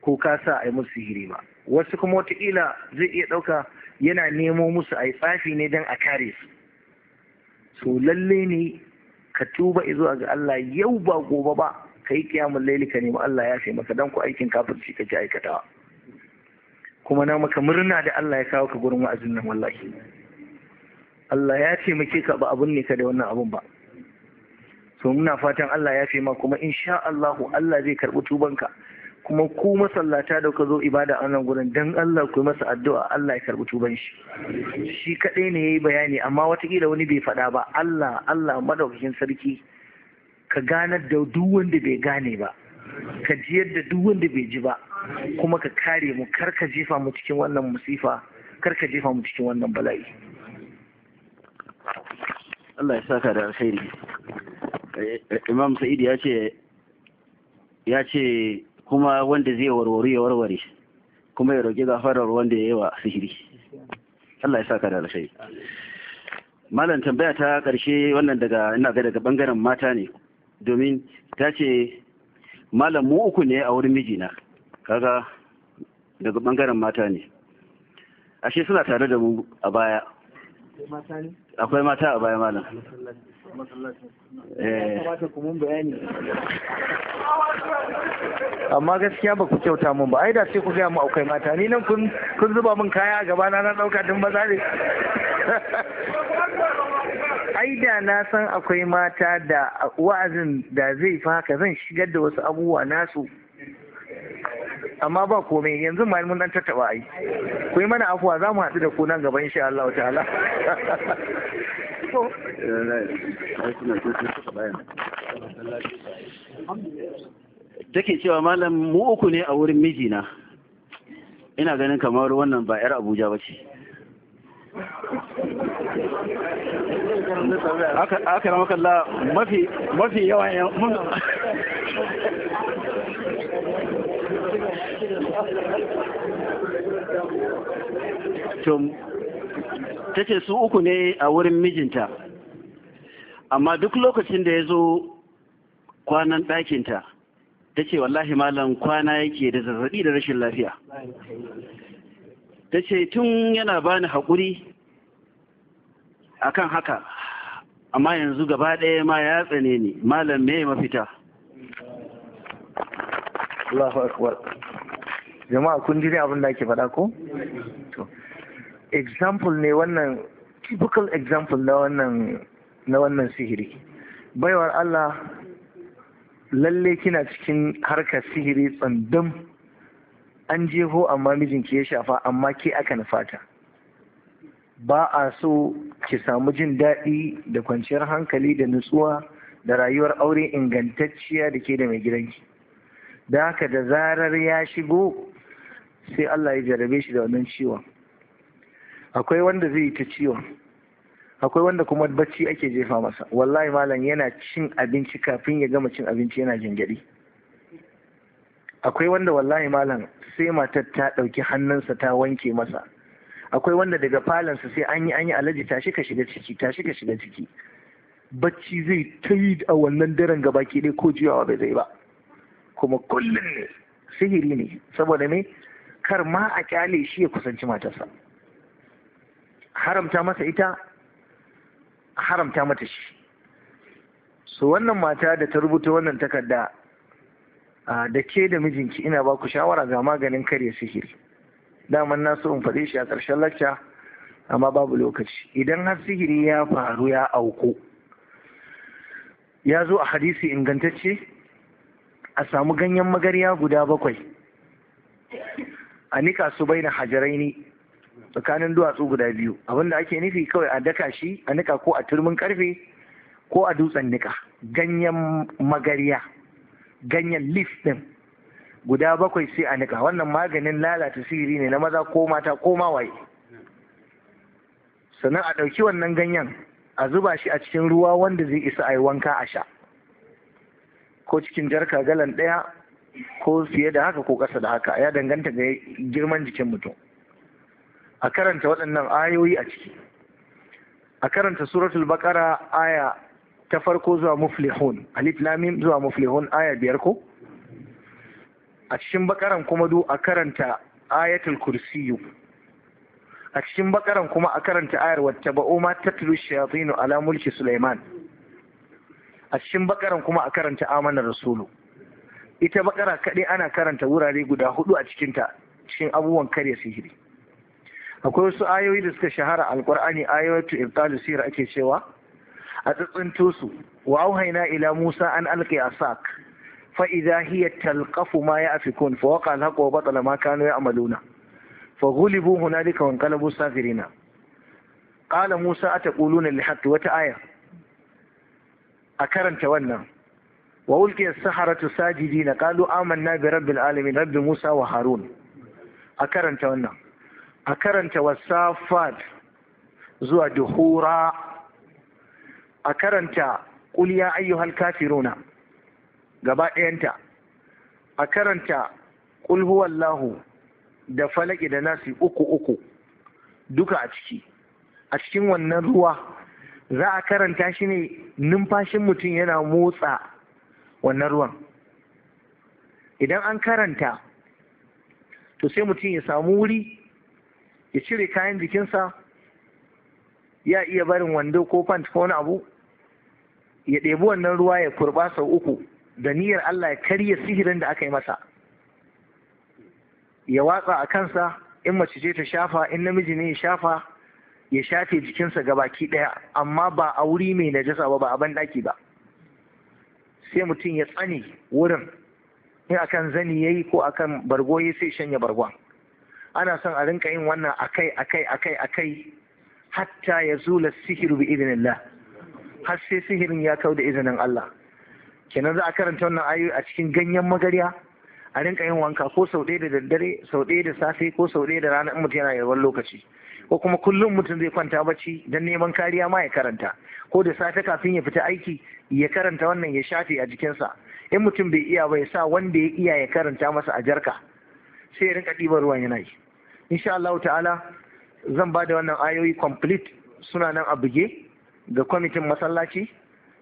ko ka sa a yi musu sihiri ba wasu kuma wataƙila zai iya ɗauka yana nemo musu a yi tsafi ne don a kare su so lalle ne ka tuba izo ga Allah yau ba gobe ba ka yi kiyamun laili ka nemi Allah ya maka don ku aikin kafirci ka ji aikatawa kuma na maka murna da Allah ya kawo ka gurin wa'azin nan wallahi Allah ya ce muke ka ba abun ne ka da wannan abun ba so muna fatan Allah ya fi ma kuma insha Allah Allah zai karbi tubanka kuma ku masallata da ka zo ibada a nan gurin dan Allah ku masa addu'a Allah ya karbi tuban shi shi kadai ne yayi bayani amma watakila wani bai faɗa ba Allah Allah madaukakin sarki ka ganar da duk wanda bai gane ba ka ji yadda duk wanda bai ji ba kuma ka kare mu kar ka jefa mu cikin wannan musifa kar ka jefa mu cikin wannan bala'i Allah ya saka da alkhairi Imam Sa'id ya ce ya ce kuma wanda zai warware ya warware kuma ya roƙi gafarar wanda ya yi wa sihiri Allah ya saka da alkhairi Malam tambaya ta ƙarshe wannan daga ina ga daga bangaren mata ne domin ta ce malam mu uku ne a wurin mijina kaga daga bangaren mata ne ashe suna tare da mu a baya akwai mata a baya malam eh. amma gaskiya ba ku kyauta mun ba ai da sai ku gaya mu akwai mata ni nan kun zuba mun kaya a gaba na na dauka tun maza ne [laughs] ai da na san akwai mata da wa'azin da zai fi haka zan shigar da wasu abubuwa nasu amma ba komai yanzu ma mun dan tattaba ai ku yi mana afuwa za mu haɗu da ku nan gaba insha Allah ta'ala take cewa malam mu uku ne a wurin mijina ina ganin kamar wannan ba 'yar abuja ba ce aka ramakalla mafi yawan ta ce su uku ne a wurin mijinta amma duk lokacin da ya zo kwanan ɗakinta ta ce wallahi malam kwana yake da zazzaɓi da rashin lafiya ta ce tun yana bani haƙuri akan haka amma yanzu gaba ɗaya ma ya tsane ni malam me mafita Allahu akbar jama'a kun ji ne abin da ake faɗa ko to example ne wannan typical example na wannan na wannan sihiri baiwar Allah lalle kina cikin harkar sihiri tsandam an jeho amma mijinki ya shafa amma ke aka fata. ba a so ki samu jin daɗi da kwanciyar hankali da nutsuwa da rayuwar aure ingantacciya da ke da mai gidanki da haka da zarar ya shigo sai Allah ya jarabe shi da wannan ciwon akwai wanda zai yi ta ciwon akwai wanda kuma bacci ake jefa masa wallahi malam yana cin abinci kafin ya gama cin abinci yana jingadi akwai wanda wallahi malam sai matar ta ɗauki hannunsa ta wanke masa akwai wanda daga falansa sai an yi an yi alaji ta shika shiga ciki ta shika shiga ciki bacci zai ta yi a wannan daren gaba ke ko juyawa bai zai ba kuma kullum ne sihiri ne saboda me kar ma a kyale shi ya kusanci matarsa haramta masa ita haramta mata shi su wannan mata da ta rubuta wannan takarda da ke da mijinki ina ba ku shawara ga maganin karya sihiri daman na so in faɗe shi a ƙarshen lacca amma babu lokaci idan har sihiri ya faru ya auku ya zo a hadisi ingantacce a samu ganyen magarya guda bakwai a nika su bai na hajarai ne tsakanin duwatsu guda biyu abinda ake nufi kawai a daka shi a nika ko a turmin karfe ko a dutsen nika ganyen magariya ganyen leaf din guda bakwai sai a nika wannan maganin lalata sihiri ne na maza ko mata ko mawaye sannan a ɗauki wannan ganyen a zuba shi a cikin ruwa wanda zai isa a yi wanka a sha ko cikin jarka galan ɗaya ko fiye da haka ko ƙasa da haka ya danganta ga girman jikin mutum a karanta waɗannan ayoyi a ciki a karanta suratul baqara aya ta farko zuwa muflihun alif lamim zuwa muflihun aya biyar ko a cikin bakaran kuma du a karanta ayatul kursiyu a cikin bakaran kuma a karanta ayar wata ba'o ma tatlu shayatinu ala mulki sulaiman a cikin bakaran kuma a karanta amanar rasulu ita bakara kaɗai ana karanta wurare guda hudu a cikinta cikin abubuwan karya sihiri akwai wasu ayoyi da suka shahara alkur'ani ayoyatu ibtalu sihir ake cewa a tsintsinto su wa auhaina ila musa an alqi asak fa idha hiya talqafu ma ya'fikun fa waqa al wa batala ma kanu ya'maluna fa ghulibu hunalika wa inqalabu safirina qala musa ataquluna lihaqqi haqqi wata aya a karanta wannan wa ulqiya as-saharatu sajidin qalu amanna bi rabbil alamin rabbi musa wa harun a karanta wannan a karanta wasafat zuwa duhura a karanta qul ya ayyuhal kafiruna gaba ɗayanta a karanta qul huwallahu da falaki da nasi uku uku duka a ciki a cikin wannan ruwa za a karanta shi ne numfashin mutum yana motsa wannan ruwan idan an karanta to sai mutum ya samu wuri ya cire kayan jikinsa ya iya barin wando ko pant ko wani abu ya ɗebi wannan ruwa ya kurɓa sau uku da niyyar Allah ya karya sihirin da aka yi masa ya watsa a kansa in mace ce ta shafa in namiji ne ya shafa ya shafe jikinsa ga baki ɗaya amma ba a wuri mai najasa ba ba a banɗaki ba sai mutum ya tsane wurin in akan zani yayi ko akan bargo yayi sai shanya bargon ana son a rinka yin wannan akai akai akai akai hatta ya zula sihiru bi idinillah har sai sihirin ya kau da izinin Allah kenan za a karanta wannan ayoyi a cikin ganyen magarya a rinka yin wanka ko sau ɗaya da daddare sau ɗaya da safe ko sau ɗaya da rana in mutum yana yawan lokaci ko kuma kullum mutum zai kwanta bacci don neman kariya ma ya karanta ko da safe kafin ya fita aiki ya karanta wannan ya shafe a jikinsa in mutum bai iya ba ya sa wanda ya iya ya karanta masa a jarka sai ya rinka ɗiban ruwan yana yi insha Allah ta'ala zan ba da wannan ayoyi complete suna nan a buge ga kwamitin masallaci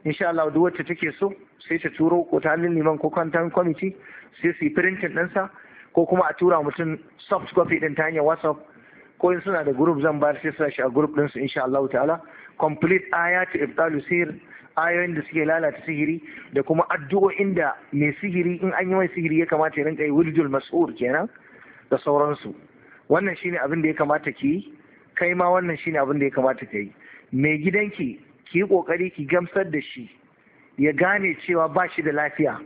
insha Allah duk wacce take so sai ta turo ko ta liman ko kwantan kwamiti sai su yi printin ɗinsa ko kuma a tura mutum soft copy ɗin ta hanyar whatsapp ko in suna da group zan bayar sai sa shi a group ɗinsu insha Allah ta'ala complete ayatu ibtalu sihir ayoyin da suke lalata sihiri da kuma addu'o'in da mai sihiri in an yi mai sihiri ya kamata ya rinka yi wuljul mas'ur kenan da sauransu wannan shine abin da ya kamata ki kai ma wannan shine abin da ya kamata ka yi mai gidanki ki yi kokari ki gamsar da shi ya gane cewa ba shi da lafiya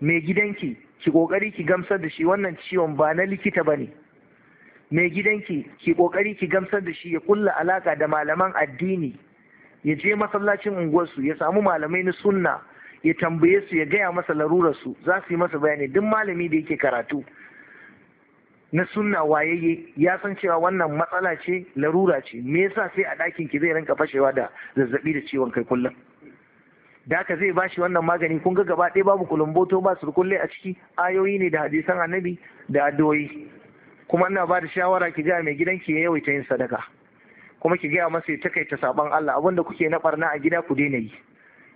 mai gidanki ki kokari ki gamsar da shi wannan ciwon ba na likita bane ne mai gidanki ki kokari ki gamsar da shi ya kulla alaka da malaman addini ya je masallacin unguwarsu ya samu malamai na sunna ya tambaye su ya gaya masa su, za su yi masa bayani duk malami da yake karatu na sunna wayayye ya san cewa wannan matsala ce larura ce me yasa sai a ɗakin ki zai ranka fashewa da zazzabi da ciwon kai kullum da haka zai bashi wannan magani kun ga gaba ɗaya babu kulumboto ba surkulle a ciki ayoyi ne da hadisan annabi da addu'o'i kuma ina ba da shawara ki gaya mai gidan ki ya yawaita yin sadaka kuma ki gaya masa ya takaita sabon Allah da kuke na barna a gida ku daina yi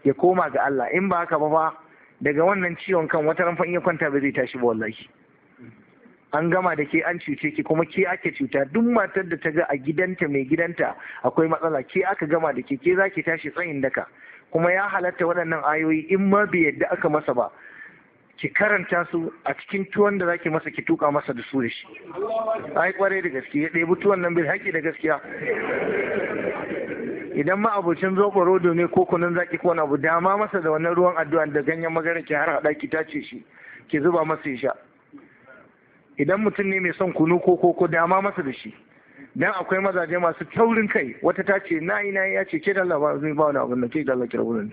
ya koma ga Allah in ba haka ba fa daga wannan ciwon kan wata ran ya kwanta ba zai tashi ba wallahi an gama da ke an cuce ki kuma ke ake cuta duk matar da ta ga a gidanta mai gidanta akwai matsala ke aka gama da ke ke zaki tashi tsayin daka kuma ya halatta waɗannan ayoyi in ma bai yadda aka masa ba ki karanta su a cikin tuwon da zaki masa ki tuka masa da su da shi ai kware da gaske ya ɗebi tuwon nan bil haƙi da gaskiya idan ma abocin zoɓo rodo ne ko kunun zaki ko wani abu dama masa da wannan ruwan addu'a da ganyen magana ki har haɗa ki tace shi ki zuba masa ya sha idan mutum ne mai son kunu ko koko dama masa da shi dan akwai mazaje masu taurin kai wata ta ce nayi nayi ya ce ke dalla ba zai ba wani abin da ke dalla kira wurin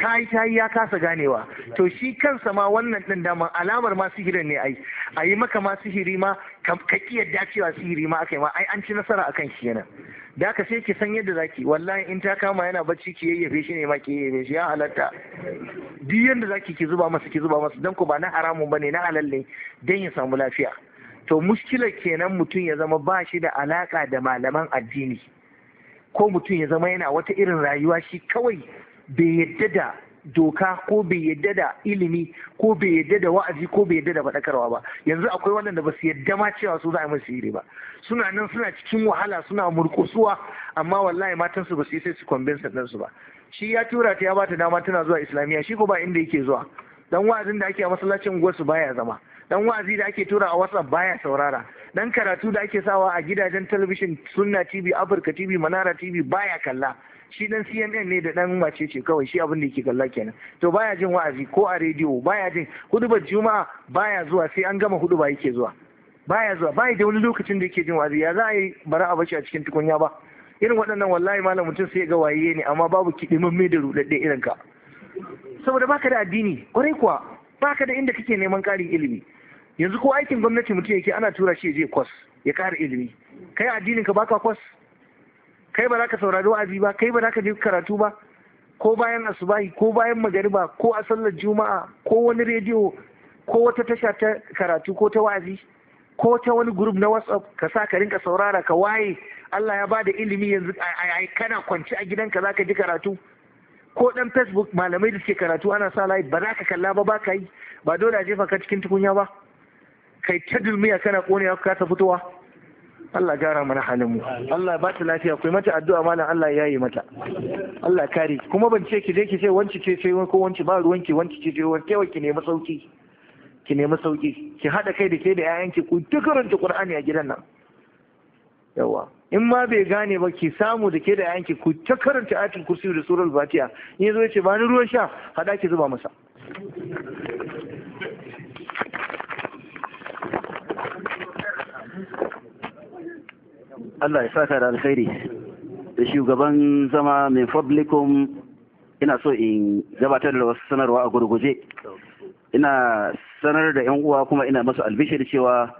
ta yi ta yi ya kasa ganewa to shi kansa ma wannan din dama alamar ma sihirin ne ai a yi maka ma sihiri ma ka ki yadda cewa sihiri ma aka ma ai an ci nasara akan shi yana da ka sai ki san yadda zaki wallahi in ta kama yana bacci ki yayyafe shi ne ma ki yayyafe shi ya halatta duk yadda zaki ki zuba masa ki zuba masa dan ku ba na haramun bane na halal ne dan ya samu lafiya to muskilar kenan mutum ya zama ba shi da alaka da malaman addini ko mutum ya zama yana wata irin rayuwa shi kawai bai yadda da doka ko bai yadda da ilimi ko bai yadda da wa'azi ko bai yadda da faɗakarwa ba yanzu akwai waɗanda ba su yadda ma cewa su za a musu yi ba suna nan suna cikin wahala suna murƙusuwa amma wallahi matan su ba su yi sai su convince ɗansu ba shi ya tura ta ya bata dama tana zuwa islamiyya shi ko ba inda yake zuwa dan wa'azin da ake a masallacin unguwar su baya zama dan wazi da ake tura a whatsapp baya saurara dan karatu da ake sawa a gidajen talabijin sunna tv afirka tv manara tv baya kalla shi dan cnn ne da dan mace ce kawai shi abin da yake kalla kenan to baya jin wa'azi ko a rediyo baya jin hudubar juma'a baya zuwa sai an gama huduba yake zuwa baya zuwa baya da wani lokacin da yake jin wa'azi ya za a yi bara a bashi a cikin tukunya ba irin waɗannan wallahi malam mutum sai ga waye ne amma babu kidimin da rudadde irin ka saboda baka da addini kwarai kuwa baka da inda kake neman ƙarin ilimi yanzu ko aikin gwamnati mutum yake ana tura shi je kwas ya kara ilimi kai addinin ka baka kwas kai ba za ka saurari wa'azi ba kai ba za ka je karatu ba ko bayan asubahi ko bayan magariba ko a sallar juma'a ko wani rediyo ko wata tasha ta karatu ko ta wa'azi ko ta wani gurub na whatsapp ka sa ka rinka saurara ka waye Allah ya ba da ilimi yanzu kana kwanci a gidanka za ka ji karatu ko dan facebook malamai da suke karatu ana sa live ba za ka kalla ba ba ka yi ba dole a jefa ka cikin tukunya ba kai ta dulmiya kana konewa ka ta fitowa Allah gara mana halin mu Allah ba ta lafiya kai mata addu'a malam Allah ya yi mata Allah kare kuma ban ce ki je ki ce wanci ce ce ko wanci ba ruwanki wanci ce ce wanke ki nemi sauki ki nemi sauki ki hada kai da ke da yayanki ku ta karanta Qur'ani a gidan nan yawa in ma bai gane ba ki samu da ke da yanki ku ta karanta ayatul kursi da surul fatiha in yazo ya ce ba ni ruwan sha hada ki zuba masa Allah ya saka da alkhairi da shugaban zama min fablikum ina so in gabatar da wasu sanarwa a gurguje ina sanar da yan uwa kuma ina masu albishir cewa